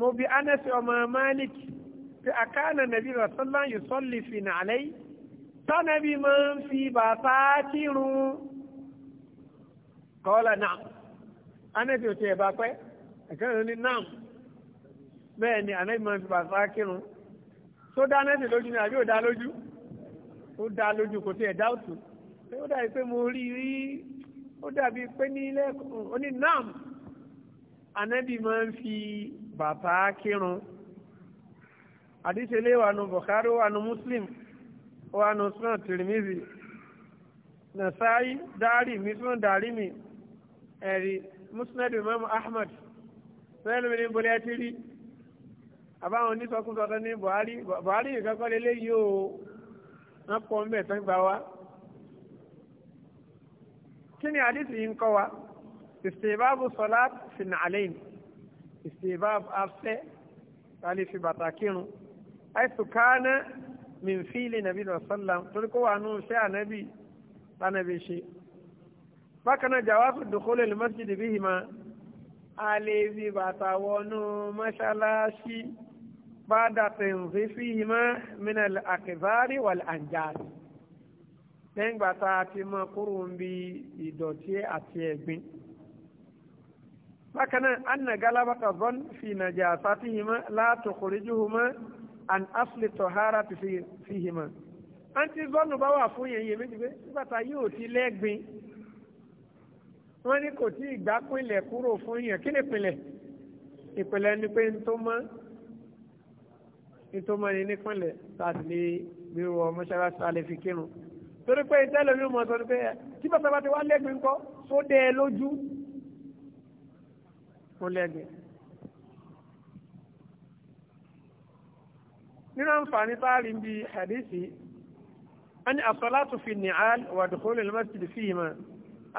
mo bi anasi ọmọ malik pé àkáànà nàbí rasulá yusolli fi nàlẹ́ tọ́nàbí máa ń fi bàtà kírun kọ́lá náà anasi òtí ẹ̀bà pẹ́ àkáànà ní náà bẹ́ẹ̀ ni anasi máa ń fi bàtà kírun tó dá anasi lójú ni àbí ò dá lójú ó dá lójú kò tí ẹ̀ dá ó dàbí pé mo rí rí ó dàbí pé ní ilé ó ní náà anábì máa ń fi bàtà kírun àdíṣelé wà nù Bukhari wà nù Muslim wà nù sunan Tirmidhi Nasa'i dáárì mi sunan dáárì mi ẹ̀rí Musnad Imam Ahmad sẹ́yìn mi ní bolẹ́ ẹtí rí àbáwọn onísọkúsọ tó ní Buhari Buhari nìkan kọ́ lé léyìí o wọ́n pọ̀ ń bẹ̀ tán gbà wá kí ni àdíṣe yìí ń kọ́ wa istibabu salat fin alayn istibab afẹ́ tàbí fi bàtà kírun àìsù káánà min fíìlì nàbí sallam torí kó wà nù iṣẹ́ ànábì lánàbì ṣe bákan náà jawabu dukhul al masjid bihima a lè fi bàtà wọnú mọ́ṣáláṣí bá dàtẹ̀ ń fi fíhima min al akizari wal anjari lẹ́yìn gbàtà àti mọ́ kúrò ń bi ìdọ̀tí àti ẹ̀gbin. E bákanáà anna galabata zon fi najasatihima la huma an asli tohara fihima àǹtí zọ́nù bá wà fún yẹn yẹn méjì pé bàtà yóò ti lẹ́gbin wọ́n ní kò tí ì gbá pinlẹ̀ kúrò fún yẹn kí ni pinlẹ̀ ìpìlẹ̀ ni pé ntoma ntoma ni nípìnlẹ̀ láti lè gbé wọ mọ́ṣáláṣí alẹ́ fi kírun torí pé ìtẹ́lẹ̀ mi mọ̀ sọ pé tí bàtà bá ti wá lẹ́gbin sódẹ́ lójú mo lẹ́gbẹ̀ẹ́. nínú àǹfààní táàrí ń bi hadisi wọ́n ní as-salatu fi ni'al wa dukhul al-masjid fihima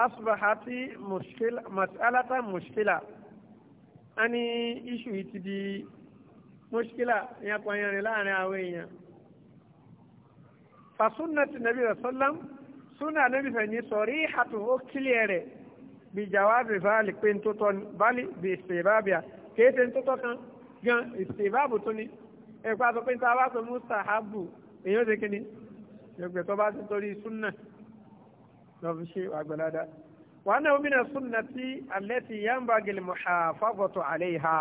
asbahat mushkila mas'alatan mushkila wọ́n ní iṣu yìí ti di mushkila ìyẹn kan yẹn láàrin àwọn èèyàn. fa sunnati nabi sallam sunna nabi fẹ̀ ní sọ̀rí ìhàtò ó kílẹ̀ rẹ̀ bí jàwáàbì báàlì pé ń tó tọ́ ni báàlì bí ìṣèbáàbì à kìí ṣe ń tó tọ́ kan gan ìṣèbáàbù tó ni ẹ̀pá sọ pé ń ta wá sọ mustahabu èyí ó ṣe kí ni ẹgbẹ́ tó bá ti torí súnà lọ fi ṣe àgbàládá wọn náà omi náà súnà tí alẹ́ ti muhafazatu alayha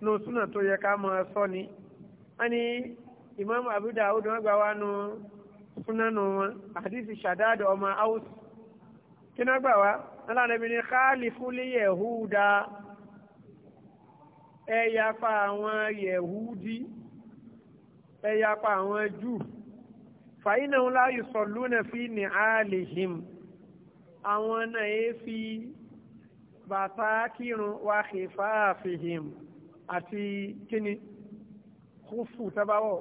ní súnà tó yẹ ká máa sọ ni wọn Imam Abu Dawud wọn gbà wá nu shadad o ma aus kí náà gbà wá alánàbí ni khalifu li Yahuda ẹ̀yà pa àwọn Yahudi ẹ̀yà pa àwọn Júù fàyínà ńlá yusalluna fi ní àlìhìm àwọn náà yé fi bàtà kírun wá khifafihim àti kíni kúfù tábàwọ̀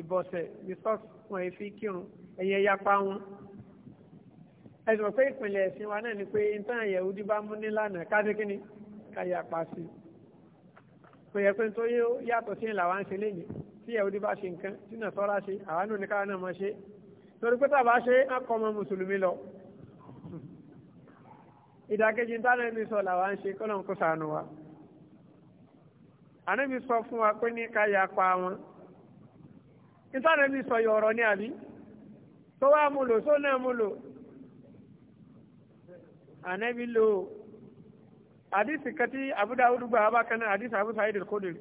ìbọ̀sẹ̀ ní sọ́ọ̀sì kírun ẹ̀yẹ yapa wọn ẹ̀sùn pé ìpìlẹ̀ ẹ̀sìn wa náà ni pé nǹkan àyẹ̀wò dí bá mú nílànà káṣí kínní káyà pa sí i kò yẹ pé nítorí yàtọ̀ sí ìlà wa ń ṣe léyìn tí ìyẹ̀wò dí bá ṣe nǹkan tí náà tọ́ra ṣe àwa náà ní káwa náà mọ̀ ṣe torí pé tàbá ṣe á kọ́ ọmọ mùsùlùmí lọ ìdàkejì táwọn ẹbí sọ làwa ń ṣe kọ́nà kó sànù wa ànábi sọ fún wa pé ní káyà pa wọn ìtànàbí sọ yọ ọ̀rọ̀ ní àbí tó wá múlò tó náà múlò ànábì lò àdìsí kẹtí abúdáwùdú gbà bá kan náà àdìsí Abu Sa'id al-Khudri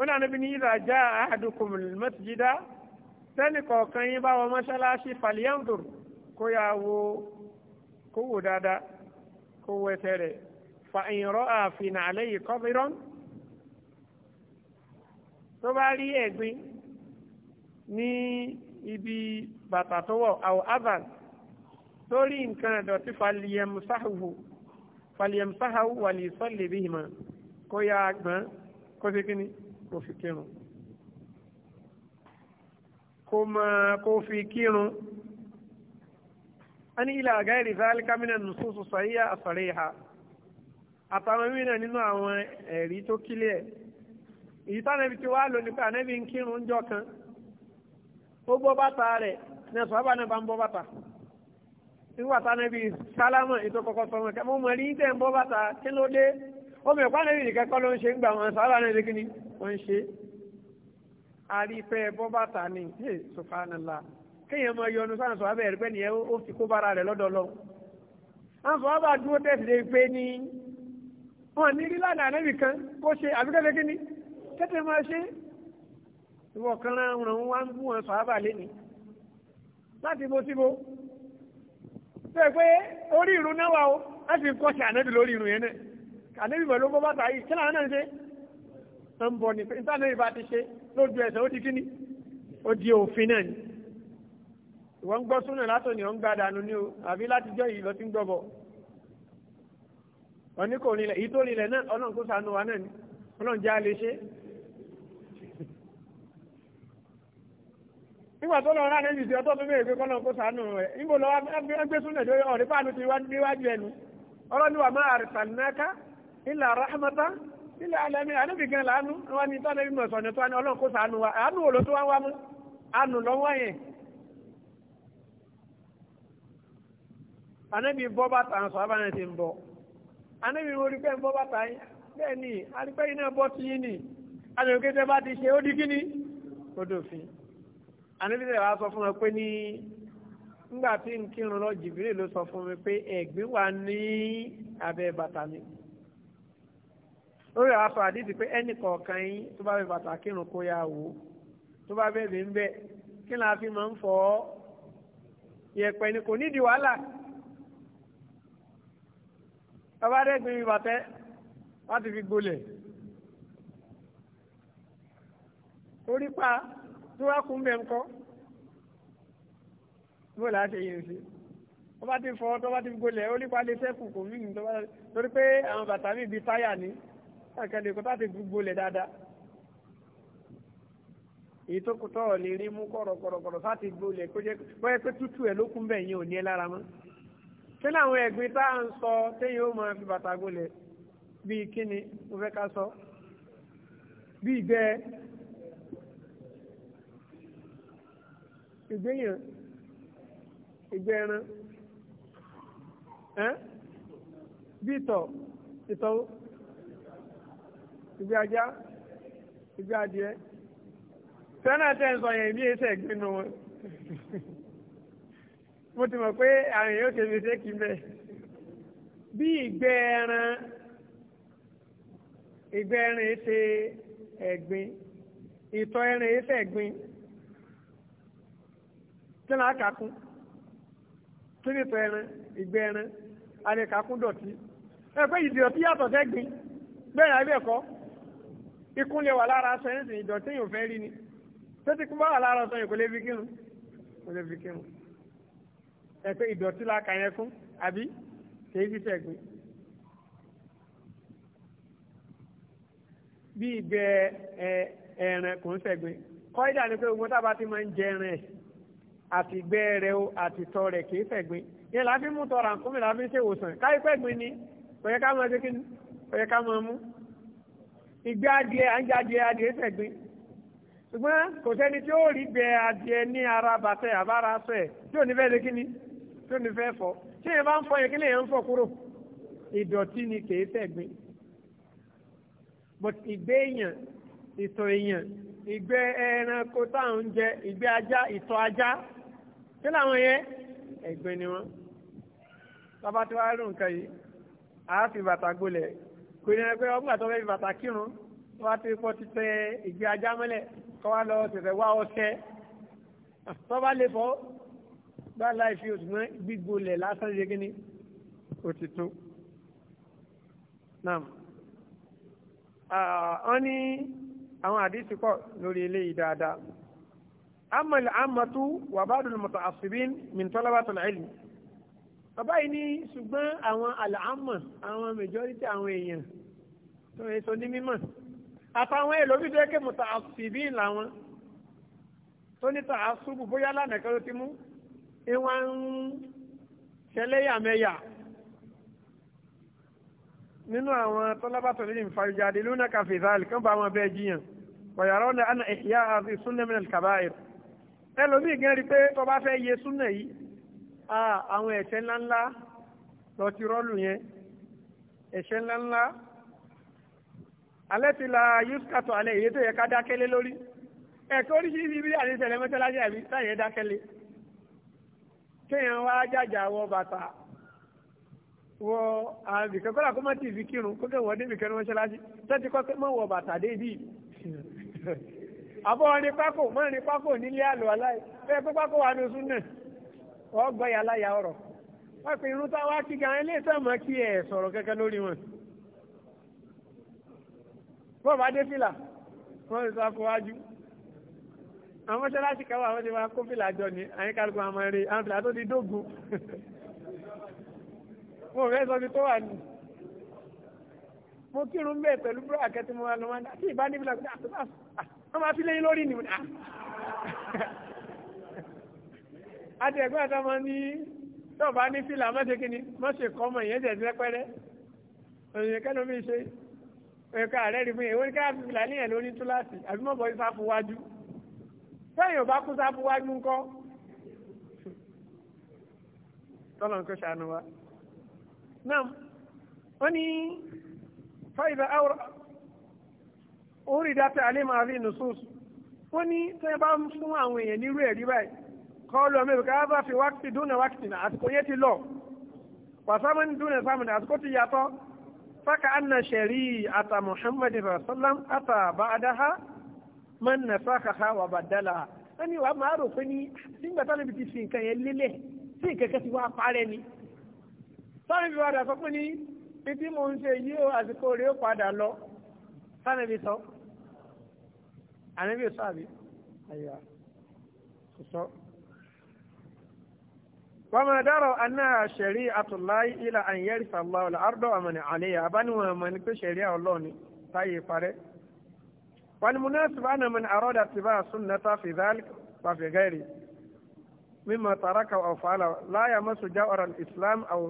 ó ní ànábì ní ìlà já ahadukum al-masjida sẹ́ni kọ̀ọ̀kan yín bá wọ mọ́ṣáláṣí falyanzur kó yà wo kó wò dáadáa kó wọ ẹsẹ̀ rẹ̀ fa in ra'a fi na'layhi qadran tó bá rí ẹ̀gbin ní ibi bàtà tó wọ̀ àwọn avan torí nǹkan àdọ̀tí faliyemsahu faliyemsahu wà lè sọ́lẹ̀ bí ìmọ̀ kó yá agbọ̀n kó sí kíní kó fi kírun kó máa kó fi kírun a ní ilẹ̀ àgáyèrè sáálí kámínà nùsùsù sàíyà àsọ̀rẹ́ ìhà àtàwọn mìíràn nínú àwọn ẹ̀rí tó kílẹ̀ èyí tánàbí ti wá lò nípa ànábì ń kírun kan ó bọ́ bàtà rẹ̀ ní ẹ̀sọ́ bá náà bá ń bọ́ bàtà nígbà tá níbi sálámà ètò kọ̀kọ́ sọmọ kẹ́ mo mọ̀ rí tẹ̀ ń bọ́ bàtà kí ló dé ó mẹ̀ pàdé nìyí kẹ́kọ́ ló ń ṣe ń gbà wọn sálámà ní kíni wọ́n ń ṣe. àrífẹ́ bọ́ bàtà ni ṣe sùfànàlà kéèyàn máa yọnu sáà sọ abẹ́ ẹ̀rí pẹ́ ó fi kó bára rẹ̀ lọ́dọ̀ lọ. à ń sọ wá dúró tẹ̀sí lè ni wọn ní rí lánàá níbi kan kó ṣe àbíkẹ́lẹ́ kíni kẹ́tẹ́ máa ṣe ìwọ̀ kan ràn wọ́n wá ń láti bo síbo tó yẹ pé orí ìrun náà wà ó a sì ń kọ́ sí ànábì lórí ìrun yẹn náà ànábì pẹ̀lú bó bàtà yìí kí làwọn náà ń ṣe ń bọ̀ ní nípa ànábì bá ti ṣe lójú ẹsẹ̀ ó di kíní ó di òfin náà ni ìwọ ń gbọ́ súnà látò ní ọ̀ ń gba dànù ni o àbí láti jọ yìí lọ sí ń gbọ́ bọ̀ oníkòrin ilẹ̀ yìí tó rinlẹ̀ náà ọlọ́run kó sànù wa náà ni ọlọ́run já lè ṣe nígbà tó lọ rán ẹni ìdí ọtọ́ tó bẹ̀rẹ̀ pé kọ́nà kó sànù rẹ̀ níbo lọ ẹgbẹ́ súnlẹ̀ lórí ọ̀rẹ́ pàánù ti níwájú ẹnu ọlọ́niwà máa àrìsànáká ilà rahmata ilà alẹ́mí àníbì gan wọn ni tọ́lẹ̀ bí mọ̀sán tó wá ní ọlọ́run kó sànù wa àánú wo ló tó wá wá mú àánú lọ́wọ́ yẹn. àníbì bọ́ bàtà sọ abáyẹn ti ń bọ̀ àníbì orí pẹ́ bọ́ bàtà yẹn bẹ́ẹ̀ ni àrípẹ́ yìí náà bọ́ ànábìsẹ̀ wa sọ fún wọn pé ní nígbà tí n kírun lọ jìbìrì ló sọ fún mi pé ẹ̀gbin wà ní abẹ́ bàtà mi lórí àwọn aṣọ àdìsí pé ẹnì kọ̀ọ̀kan yín tó bá fẹ́ bàtà kírun kó yá wò ó tó bá fẹ́ bí ń bẹ́ kí ni a fi máa ń fọ́ yẹ̀pẹ̀ ni kò nídìí wàhálà bàbá rẹ̀ gbin bàtẹ́ láti fi gbolẹ̀ orí pa tó wá kún bẹ́ẹ̀ ńkọ́ bó la ṣe yẹn sí tó bá ti fọ tó bá ti gbolẹ̀ ó nípa lè sẹ́kù kò mí nù torí pé àwọn bàtà mi bi táyà ní àkàlẹ̀ kó tá ti gbolẹ̀ dáadáa èyí tó kutọ́ lè rí mú kọ̀rọ̀kọ̀rọ̀kọ̀rọ̀ sáti gbolẹ̀ kó jẹ́ bóyá pé tútù ẹ̀ ló kún bẹ́ẹ̀ yẹn ò ní ẹ lára mọ́ kí làwọn ẹ̀gbin tá à ń sọ téyìn ó máa fi bàtà gbolẹ̀ bíi kíni mo fẹ́ ká sọ bíi bẹ́ẹ̀ ìgbéyàn ìgbẹ́ ẹran ẹ́ bí ìtọ̀ ìtọ̀ ìgbẹ́ ajá ìgbẹ́ adìẹ sẹ́nà tẹ́ ń sọ yẹn ẹsẹ̀ wọn mo ti mọ̀ pé àwọn èèyàn fi bẹ́ẹ̀ bí ẹran ẹran ẹ̀gbin ìtọ̀ ẹran kíni àkàkùn kírípù ẹran ìgbẹ́ ẹran àlèkàkùn dọ̀tí ẹ pé ìdọ̀tí yàtọ̀ sẹ́gbin bẹ́ẹ̀ náà bẹ́ẹ̀ kọ́ ikún lè wà lára sẹ́yìnsì ìdọ̀tí yóò fẹ́ rí ni tẹ́tí kún bá wà lára sẹ́yìn kò lè fi kírun kò lè fi kírun ẹ ìdọ̀tí la kà yẹn kún àbí kì í fi sẹ́gbin. bí ìgbẹ́ ẹran kò ń sẹ́gbin kọ́ ìdá ni pé ogun tábà ti máa ń jẹ ẹran ẹ̀ àtìgbẹ́ rẹ̀ o àtìtọ́ rẹ̀ kìí fẹ̀gbin yẹn láfi mú tọrọ àǹkómi láfi ṣe ìwòsàn káyí fẹ̀gbin ni kò yẹ ká máa ṣe kí ni kò yẹ ká máa mú ìgbẹ́ adìẹ àǹjẹ adìẹ adìẹ fẹ̀gbin ṣùgbọ́n kò sẹ́ni tí ó rí gbẹ adìẹ ní ara bàtẹ àbára aṣọ ẹ̀ tí ò ní fẹ́ ṣe kí ni tí ò ní fẹ́ fọ tí yẹn bá ń fọ yẹn kí lèyẹn ń fọ kúrò ìdọ̀tí ni kìí fẹ̀gbin but ìgbẹ́ èèyàn ìtọ̀ èèyàn ìgbẹ́ ẹranko táwọn ń jẹ ìgbẹ́ ajá ìtọ̀ ajá kí làwọn yẹn ẹgbẹ́ ni wọ́n bàbá tí wàá rí nǹkan yìí a fi bàtà gbolẹ̀ kò ní ẹgbẹ́ ọgbà tó fẹ́ fi bàtà kírun tó bá ti pọ́ ti ìgbé ajá mọ́lẹ̀ kó wá lọ tẹ̀tẹ̀ wá ọṣẹ tó bá lè fọ́ gbá láì fi òṣùwọ̀n gbígbolẹ̀ lásán ṣe kíní ó ti tó. Nam ah, wọ́n ní àwọn àdìsí pọ̀ lórí eléyìí dáadáa. أما العامة وبعض المتعصبين من طلبة العلم bàbá yìí ní ṣùgbọ́n àwọn àlàámọ̀ àwọn majority àwọn èèyàn tó ń sọ ní mímọ̀ àtàwọn èlòmíì tó yẹ kí muta'assibin làwọn tó ní ta'assubu bóyá lánàá kan ló ti mú ìwọ̀n ń ṣẹlẹ́yàmẹ̀yà nínú àwọn tọ́lábàtọ̀ nínú ìfàjàdé lónà kàfíìsà kan bá wọn bẹ́ẹ̀ jiyàn wa yarawna anna ihya'a sunnah min al-kaba'ir ẹlòmíì gan rí pé tó bá fẹ́ yẹ súnà yìí àwọn ẹ̀ṣẹ̀ ńláńlá lọ ti rọ́ọ̀lù yẹn ẹ̀ṣẹ̀ ńláńlá alẹ́ ti la yuskato alẹ́ èyí tó yẹ ká dákẹ́lé lórí ẹ̀kọ́ oríṣiríṣi bí àti ìṣẹ̀lẹ̀ mẹ́tẹ́lájà àbí táyẹ̀ dákẹ́lé kéèyàn wá jàjà wọ bàtà wọ àbìkẹ́ kọ́lá kó má tì í fi kírun kó kẹ́ wọ́n dé bìkẹ́ ní mọ́ṣáláṣí tẹ́tí kọ́ pé mọ́ wọ bàtà dé bíi àbọ̀ ní pákó mọ́ ní pákó nílé àlọ́ aláì bẹ́ẹ̀ pé pákó wà ní oṣù náà wọ́n gbọ́ ya láyà ọ̀rọ̀ wọ́n pe irun táwa kí ga ilé sàmọ́ kí ẹ̀ sọ̀rọ̀ kẹ́kẹ́ lórí wọn. bọ́ọ̀bù adéfìlà wọ́n ti sọ afọwájú àwọn mọ́ṣáláṣí kan wà wọ́n ti máa kó fìlà jọ ní àyíkálùkù àmọ́ eré àwọn fìlà tó ti dógùn
mo fẹ́
sọ ti tó wà ní mo kírun bẹ́ẹ̀ pẹ̀lú búrọ̀ àkẹ́tìmọ́ àlọ́mọdá tí ìbá níbi làkúndà àtúntà wọ́n máa fi léyìn lórí nìyí náà àtẹ̀gbọ́n àtọmọ ní tọ́ọ̀bá ní fìlà mọ́ṣe kínní mọ́ṣe kọ́mọ ìyẹn jẹ̀ lẹ́pẹ́rẹ́ òyìnbó kẹ́nu mi ṣe ẹ̀ka rẹ̀ rí fún yẹn wọ́n ká fìlà níyẹn lórí túláàsì àbí mọ̀ bọ́ ìsáfù wájú sẹ́yìn ò kú sáfù wájú ńkọ́ tọ́lọ̀ ń kó ṣàánú wa náà wọ́n ní fọ́ ìbá orí dáta alẹ́ máa rí nùsùsù wọ́n ní tẹ́ bá ń fún àwọn èèyàn nírú ẹ̀rí báyìí kọ́ lọ mẹ́rin ká ah, bá fi wákìtì dúnà wákìtì náà àsìkò yẹn ti lọ wàsámánì dúnà sámánì àsìkò ti yàtọ̀ fáka anna ṣẹ̀rí ata muhammad rasalam ata ba'daha man nasakhaha wa badalaha wọ́n ní wàá máa rò pé ní nígbà táwọn ibi ti fi nǹkan yẹn lélẹ̀ sí nǹkan ti wá parẹ́ ni táwọn ibi wàdà sọ pé ní ibi mo ń ṣe yí o àsìkò rèé padà lọ táwọn ibi sọ ànábì ò sáàbí àyà kò sọ. wọ́n máa dárò aná ṣẹ̀rí àtúláyé ilà àyẹ̀rì sàlọ́ ọ̀la àrùdọ̀ àmàlẹ̀ àlẹ́yà abániwọ̀n àmàlẹ̀ pé ṣẹ̀rí ọlọ́ọ̀ni táyé parẹ́. wọ́n ni munasib ana man arọ́dà tìbá sunnata fi dhalik wa fi ghairi mimma taraka aw fa'ala la yamassu jawra al-islam aw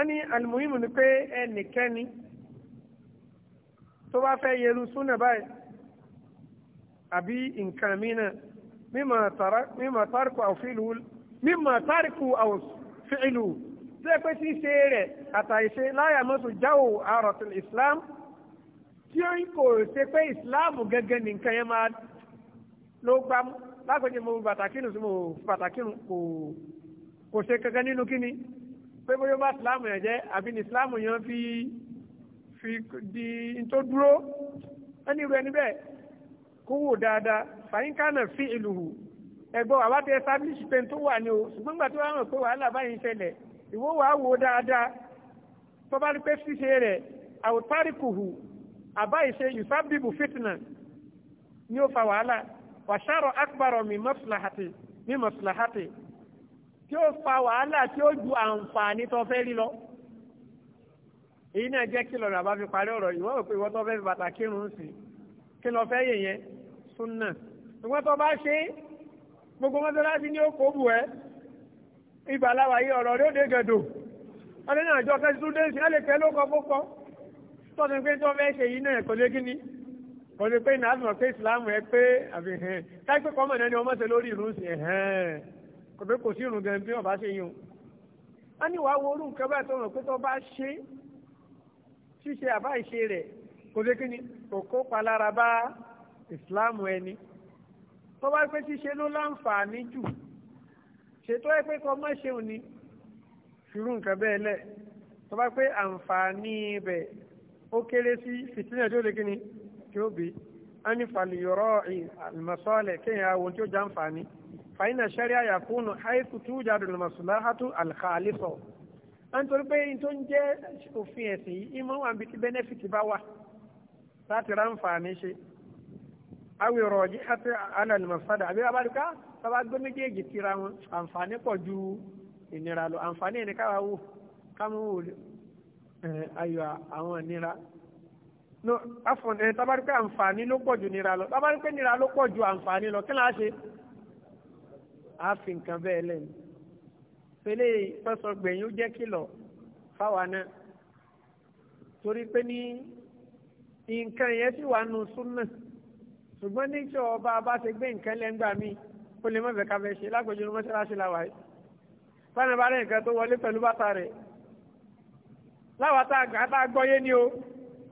ani al-muhim ni pé ẹnikẹ́ni tó bá fẹ́ yẹlu súnà báyìí àbí nǹkan mìíràn mímọ̀ tárìkù àwòfíìlú mímọ̀ tárìkù àwòfíìlú tí ẹ pé tí ṣe rẹ̀ àtàìṣe láyà mọ́tò jáwò àròtún islam tí ó kò ṣe pé islam gẹ́gẹ́ nìkan yẹn máa ló gbá mú lápẹjẹ mo bàtàkínú sí mo bàtàkínú kò kò ṣe kankan nínú kíni pé bóyá bá islam yẹn jẹ́ àbí ní islam yẹn fi di tó dúró ẹni rẹ níbẹ̀ kó wò dáadáa fàyínká náà fi ìlú hù ẹ̀gbọ́n àwa tẹ establish pé tó wà ní o ṣùgbọ́n gbà tó wà hàn pé wàhálà báyìí ń ṣẹlẹ̀ ìwọ wàá wò dáadáa tó bá rí pé ṣíṣe rẹ̀ àwòtárìkù hù àbá ìṣe yusabibu fitna ni ó fa wàhálà wàṣàrọ̀ akbarọ̀ mi maslahati mi maslahati tí ó fa wàhálà tí ó ju àǹfààní tó fẹ́ rí lọ èyí náà jẹ́ kí lọ́rọ̀ àbá fi parí ọ̀rọ̀ ìwọ́n ò pé ìwọ́n tó fẹ́ fi bàtà kírun sí kí lọ fẹ́ yẹn súnà ṣùgbọ́n tó bá ṣe gbogbo mọ́sálásí ní òkò bù ẹ́ ibà láwà yí ọ̀rọ̀ lóde gẹ̀dọ̀ ọdún ní àjọ kẹsì tó dé sí ẹ lè kẹ ló kọ púpọ̀ tọ́sí pé tó fẹ́ ṣe yìí náà kò lé kíní kò lè pé ìnáàbùmọ̀ pé ìsìláàmù ẹ pé àfihàn káìpé kọ́mọ̀ náà ni ọmọ ṣe lórí ìrún sí ẹ̀hẹ́n kò pé kò sí ìrún gan bí ọba ṣe yun wọ́n ní wàá wo orú nǹkan bá tó rò pé tó bá ìsìláàmù ẹni tó bá pé ṣíṣe ló láǹfààní jù ṣètò ẹ pé kọ mọ́ ṣeun ni ṣùrù nǹkan bẹ́ẹ̀ lẹ̀ tó bá pé àǹfààní ibẹ̀ ó kéré sí fìtínà tó lè kí ni tí ó bí a ní fàlìyọ̀rọ̀ àlùmọ̀sọ́ọ̀lẹ̀ kéèyàn àwọn tí ó já àǹfààní fàyínà ṣẹ́ríà yàkúnù àìkú tó jáde lùmọ̀sùlá hátú àlùkàlìsọ̀ a ń torí pé n tó ń jẹ́ òfin ẹ̀sìn yìí ìmọ̀ wà níbi tí bẹ́nẹ́fìtì bá wà láti ráǹfààní ṣe awi rọ̀jì àti alàlùmọ̀sádà àbí abáríkà bàbá gbé méjèèjì tira wọn àǹfààní pọ̀ ju ìnira lọ àǹfààní ẹni káwa wò káwọn wò ayọ̀ àwọn ìnira no afọ̀n ẹ̀ tabaríkà àǹfààní ló pọ̀ ju ìnira lọ tabaríkà ìnira ló pọ̀ ju àǹfààní lọ kí ni a ṣe a fi nǹkan bẹ́ẹ̀ lẹ́nu pẹ̀lẹ́ ìfẹsọ̀ gbẹ̀yìn ó jẹ́ torí pé ní nǹkan yẹn sì wà nù súnmọ́ ṣùgbọ́n ní tí ọba bá ti gbé nǹkan lẹ́ngbà mí ó lè mọ̀fẹ́ ká fẹ́ ṣe lágbèjọ́ mọ́ṣáláṣí làwà yìí fáwọn bá rẹ̀ nǹkan tó wọlé pẹ̀lú bàtà rẹ̀ láwa tá a gbọ́yé ni o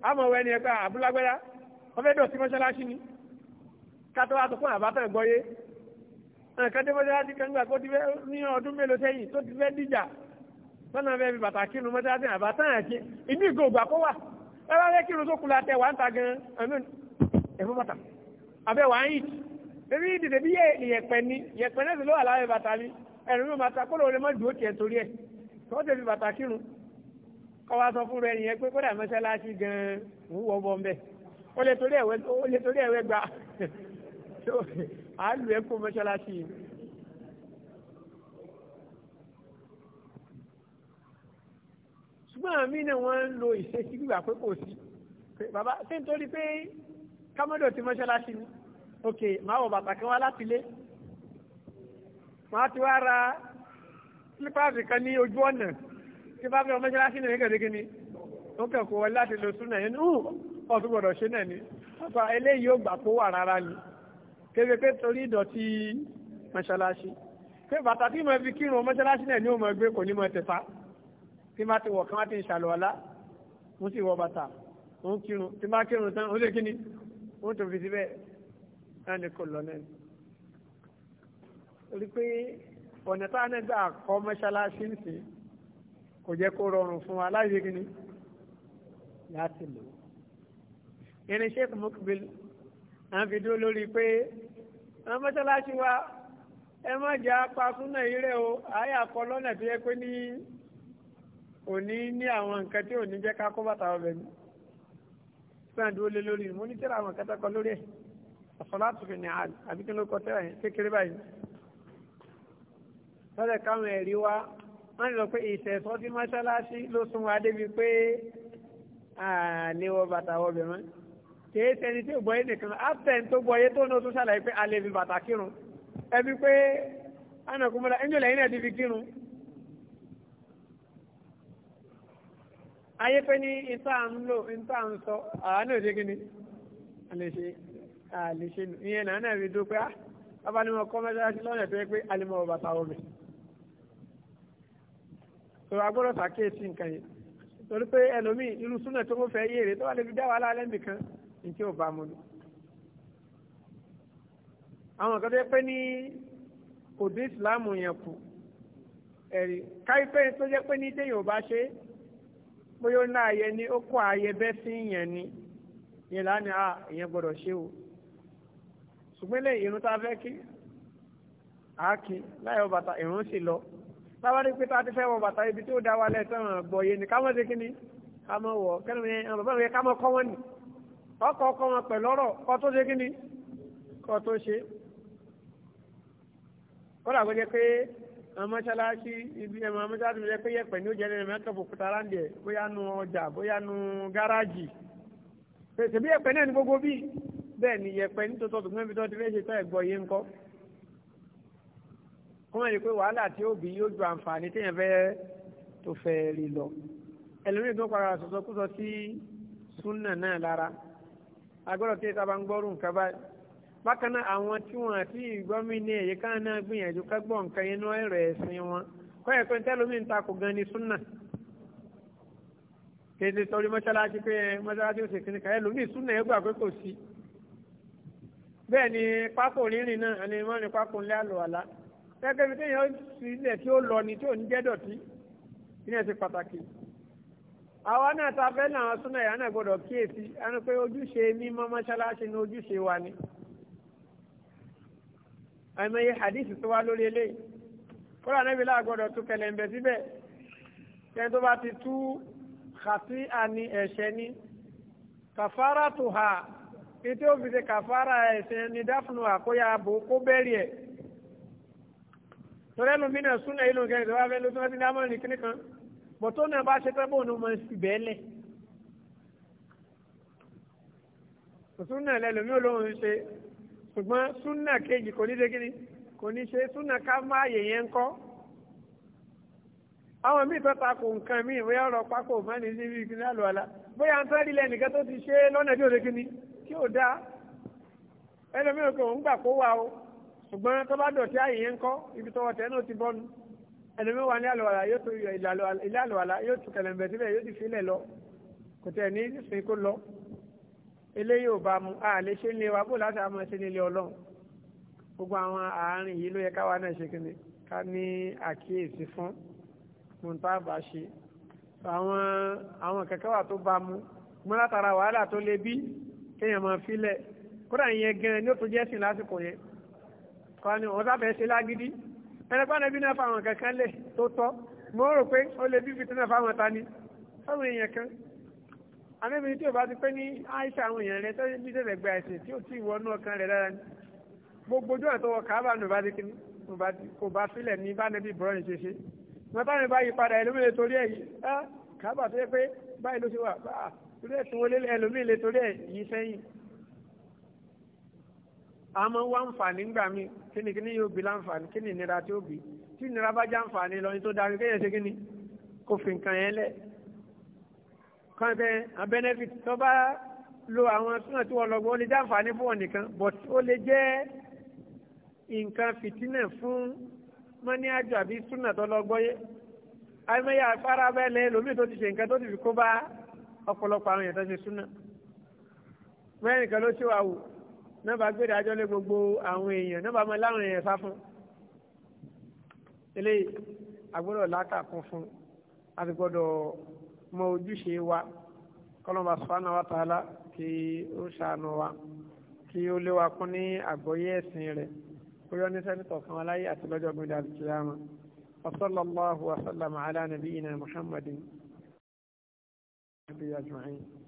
àmọ̀ wẹ́ni ẹ̀ka àbúlágbẹ́dá wọ́n fẹ́ dọ̀tí mọ́ṣáláṣí ni kátó wa tó fún àbátàn gbọ́yé nǹkan tó mọ́ṣáláṣí kan gbà kó ti fẹ́ ní ọdún mélòó sẹ́yìn tó ti fẹ́ dìjà fọ́nà bẹ́ẹ̀ fi bàtà kírun mọ́ṣáláṣí àbátàn àti ìní ìgò ògbà kó wà ẹ bá fẹ́ kírun tó kula tẹ wà ń ta gan-an ẹ̀fọ́ bàtà abẹ́ wàá yìí bẹ́ẹ̀ yìí dìde bí yẹ̀pẹ̀ ni yẹ̀pẹ̀ náà sì ló wà láàyè bàtà mi ẹ̀rù mi bàtà kó lóore má dùn ó tiẹ̀ torí ẹ̀ tó ó tẹ̀sí bàtà kírun kọ́ wa sọ fún rẹ nìyẹn pé kódà mọ́sálásí gan-an ń wọ́ bọ́ mbẹ́ ó lè torí ẹ̀wẹ́ gba àálù ẹ̀ kó mọ́sálásí yìí. ṣùgbọ́n àmì náà wọ́n ń lo ìṣesí gbígbà pé kò sí bàbá ṣé nítorí pé kámọ́dọ̀ tí mọ́ṣáláṣí ni ok máa wọ bàtà kan wá láti ilé máa ti wá ra sílípáàsì kan ní ojú ọ̀nà tí bá fẹ́ mọ́ṣáláṣí ní gẹ̀dẹ́gẹ́ ni ó kẹ̀kọ́ wọlé láti lọ sún náà yẹn ọ̀tún gbọ́dọ̀ ṣe náà ni ọ̀pá eléyìí ó gbà kó wà rárá ni kébé pé torí ìdọ̀tí mọ́ṣáláṣí pé bàtà tí mo fi kírun mọ́ṣáláṣí náà ni ó mọ̀ gbé kò ní mọ̀ tẹ̀fá tí má ti wọ̀ kí má ti ń ṣàlùwàlá mo sì wọ bàtà mo ń kírun tí má kírun tán ó lè kí ni wọ́n tó fi síbẹ̀ náà ni kò lọ náà ni. torí pé ọ̀nà táwọn náà gbà kọ́ mọ́ṣáláṣí ń sìn kò jẹ́ kó rọrùn fún wa láyé gini láti lò. irin sheikh mukbil à ń fi dúró lórí pé àwọn mọ́ṣáláṣí wa ẹ má jẹ́ apá súnà yìí rẹ̀ o àyà kọ́ lọ́nà tó yẹ pé ní òní ní àwọn nǹkan tí ò ní jẹ́ ká kó bàtà ọbẹ̀ ni fẹ́ràn dúró lé lórí mo ní tẹ́lẹ̀ àwọn kẹta kan lórí ẹ̀ àfọlátù fi ní àlù àbí kí ló kọ tẹ́lẹ̀ yẹn kékeré báyìí lọ́dẹ̀ káwọn ẹ̀rí wa wọ́n lè lọ pé ìṣẹ̀sọ́ tí mọ́ṣáláṣí ló sún wa débi pé àléwọ́ bàtà wọ́bẹ̀ mọ́ kìí ṣẹni tí ò gbọ́ yé nìkan áfẹ́ni tó gbọ́ yé tó ní o tún ṣàlàyé pé alẹ́ fi bàtà kírun ẹbí pé ànàkùnmọ́lá ẹ̀ńjọ́ lẹ́yìn náà ti fi kírun ayé pé ní ìta ń lò ìta ń sọ àánú òde kí ni a lè ṣe a lè ṣe nù ìyẹn náà náà rí dó pé ah bàbá ni mo kọ́ mẹ́sàlásí lọ́nà tó yẹ pé a lè mọ bàtà omi sọ̀rọ̀ agbọ́dọ̀ sàkíyèsí nǹkan yìí torí pé ẹlòmíì irú súnà tó ń fẹ́ yéèrè tó wà lè dá wàhálà alẹ́ nìkan ní ò bá mu lò àwọn kan tó yẹ pé ní òdú ìsìlámù yẹn kù ẹ̀rí káyí pé tó yẹ pé ní téèyàn ò bá ṣe é bóyá ó ná ààyè ní ó kó ààyè bẹ́ẹ̀ sí yẹn ni yẹn lánàá à ìyẹn gbọ́dọ̀ ṣe o ṣùgbọ́n lè irun tá a fẹ́ kí àákí láyọ̀ bàtà ìrún sì lọ lábàdí pé tá a fẹ́ wọ bàtà ibi tí ó dá wa lẹ́sàn-án gbọ́ yé ni ká mọ̀ sí kí ni ká mọ̀ wọ̀ kẹ́nu yẹn àwọn bàbá mi yẹn ká mọ̀ kọ́ wọn nì ọkọ̀ ọkọ̀ wọn pẹ̀lú ọ̀rọ̀ kọ́ tó ṣe kí ni kọ́ tó ṣe kódà kó jẹ́ pé mọ́ṣáláṣí ibi ẹ̀mọ́ mọ́ṣáláṣí mi jẹ́ pé yẹ̀pẹ̀ ní ó jẹ́ ẹ̀rẹ̀ mẹ́kàn fòkúta láǹdì ẹ̀ bóyá nu ọjà bóyá nu gáràjì pèsè bí yẹ̀pẹ̀ náà ní gbogbo bíi bẹ́ẹ̀ ni yẹ̀pẹ̀ ní tòótọ́ tòótọ́ níbi tó ti fẹ́ ṣe tọ́ ẹ̀gbọ́ yé ńkọ́ kó wọ́n rí i pé wàhálà tí ó bí yóò ju àǹfààní téèyàn fẹ́ tó fẹ́ rí lọ ẹlòmíràn tó para sọ̀tọ̀ kú sọ sí súnà náà lára agbọ́dọ̀ tí ìta bá ń gbọ́rù bákan náà àwọn tí wọn àti ìgbọ́mìnì èyí ká náà gbìyànjú ká gbọ́ nǹkan inú ẹ̀rọ ẹ̀sìn wọn kọ́ ẹ̀kọ́ tẹ́lómi ń takò gan ni súnà kéde torí mọ́ṣáláṣí pé mọ́ṣáláṣí ò sì kí ni ká ẹlòmíì súnà ẹ̀ pé kò sí bẹ́ẹ̀ ni pákó rírìn náà ẹni wọ́n ní pákó ńlẹ́ àlọ́ àlá gẹ́gẹ́ bí téèyàn sì tí ó lọ ni tí ò ní jẹ́ dọ̀tí ìyẹn ti pàtàkì àwa náà ta fẹ́ làwọn súnà ìyá náà gbọ́dọ̀ kíyèsí ẹni pé ojúṣe mímọ́ mọ́ṣáláṣí ni ojúṣe wa ni àìmọye hadith tó wá lórí eléyìí kóra níbi láàgbọ́dọ̀ tó kẹlẹ̀mbẹ̀ síbẹ̀ tẹ́ tó bá ti tú kàtí àní ẹ̀ṣẹ̀ ní kàfárà tó hà títí ó fi ṣe kàfárà ẹ̀ṣẹ̀ ní dáfnù àkóyà àbò kó bẹ́rì ẹ̀ torí ẹnu mìíràn súnà ìlú kẹrin tó wá fẹ́ lóṣù láti dámọ̀ ní kíní kan bọ̀ tó náà bá ṣe pẹ́ bò ní mọ̀ sí bẹ́ẹ̀lẹ̀ òtún náà lẹ́lòmí olóhùn ṣe ṣùgbọ́n súnà kejì kò ní ṣe kíni kò ní ṣe súnà ká má àyè yẹn ń kọ́ àwọn míì tó takò nǹkan míì bóyá ọ̀rọ̀ pákó mọ́ni sí ibi ìpínlẹ̀ àlùwàlà bóyá ń tán lílẹ̀ nìkan tó ti ṣe lọ́nà tí ò ṣe kíni tí ò dáa ẹlòmíràn kò ń gbà kó wà o ṣùgbọ́n tó bá dọ̀tí àyè ń kọ́ ibi tọwọ́ tẹ́ náà ti bọ́nu ẹlòmíràn wà ní àlùwàlà yóò eléyìí ò bá mu a lè ṣe nílé wa bó láti àmọ́ ṣe nílé ọlọ́run gbogbo àwọn àárín yìí ló yẹ káwa náà ṣe kíni ká ní àkíyèsí fún mọ̀ntàbà ṣe àwọn àwọn kẹ̀kẹ́ wà tó bá mu mọ́ látara wàhálà tó lè bí kéèyàn máa filẹ̀ kódà ìyẹn gan ni ó tó jẹ́ sìn lásìkò yẹn kọ́ni òun sábẹ́ ṣe lágídí ẹnìkan ẹbí náà fáwọn kẹ̀kẹ́ lẹ̀ tó tọ́ mo rò pé ó lè bí fìtínà fáwọn ta ni fáwọn èèyàn kan anábìrin tí ò bá ti pé ní Aisha àwọn èèyàn rẹ tọ́jú bí tẹ̀lẹ̀ gba ẹ̀sìn tí ò tí ì wọnú ọkàn rẹ̀ dára ni gbogbo ojú àtọwọ kàábà nù bá ti kí kò bá sílẹ̀ ní bá nẹbí bọ́ọ̀rọ̀ ní ṣeṣe wọn táwọn bá yí padà ẹlòmíì torí ẹ̀ kàábà tó yẹ pé báyìí ló ṣe wà torí ẹ̀sìn wọlé ẹlòmíì torí ẹ̀ yìí sẹ́yìn àmọ́ wá ń fà nígbà mi kí ni kí ni yóò bí láǹfààní kí ni ìnira tí ó bí tí ìnira bá já ń fà ní lọ tó darí kéèyàn ṣe kí ni kò fi nǹkan yẹn lẹ̀ kan bẹ a benefit tó bá lo àwọn súnà tí wọ́n lọ gbọ́ ó lè jẹ́ àǹfààní fún wọn nìkan but ó lè jẹ́ nǹkan fìtínà fún mọ́níájọ àbí súnà tó lọ gbọ́ yé àìmọye àfárá bẹ́ẹ̀ lẹ́yìn lómi tó ti ṣe nǹkan tó ti fi kó bá ọ̀pọ̀lọpọ̀ àwọn èèyàn tó ṣe súnà mẹ́rin kan ló ṣe wà wò náà bá gbé ìdájọ́ lé gbogbo àwọn èèyàn náà bá mọ láwọn èèyàn sá fún eléyìí agbọ́dọ̀ látàkùn fún àti gbọ́dọ̀ mọ ojúṣe wa kọlọmọ sọfàánà wa tààlà kí ó ṣàánú wa kí ó lé wa kún ní àgbọ́yé ẹ̀sìn rẹ̀ kó yọ ní sẹ́nitọ̀ fún aláyé àti lọ́jọ́ gbẹ̀dẹ̀ àbíkíyàmà وصلى الله وسلم على
نبينا محمد أجمعين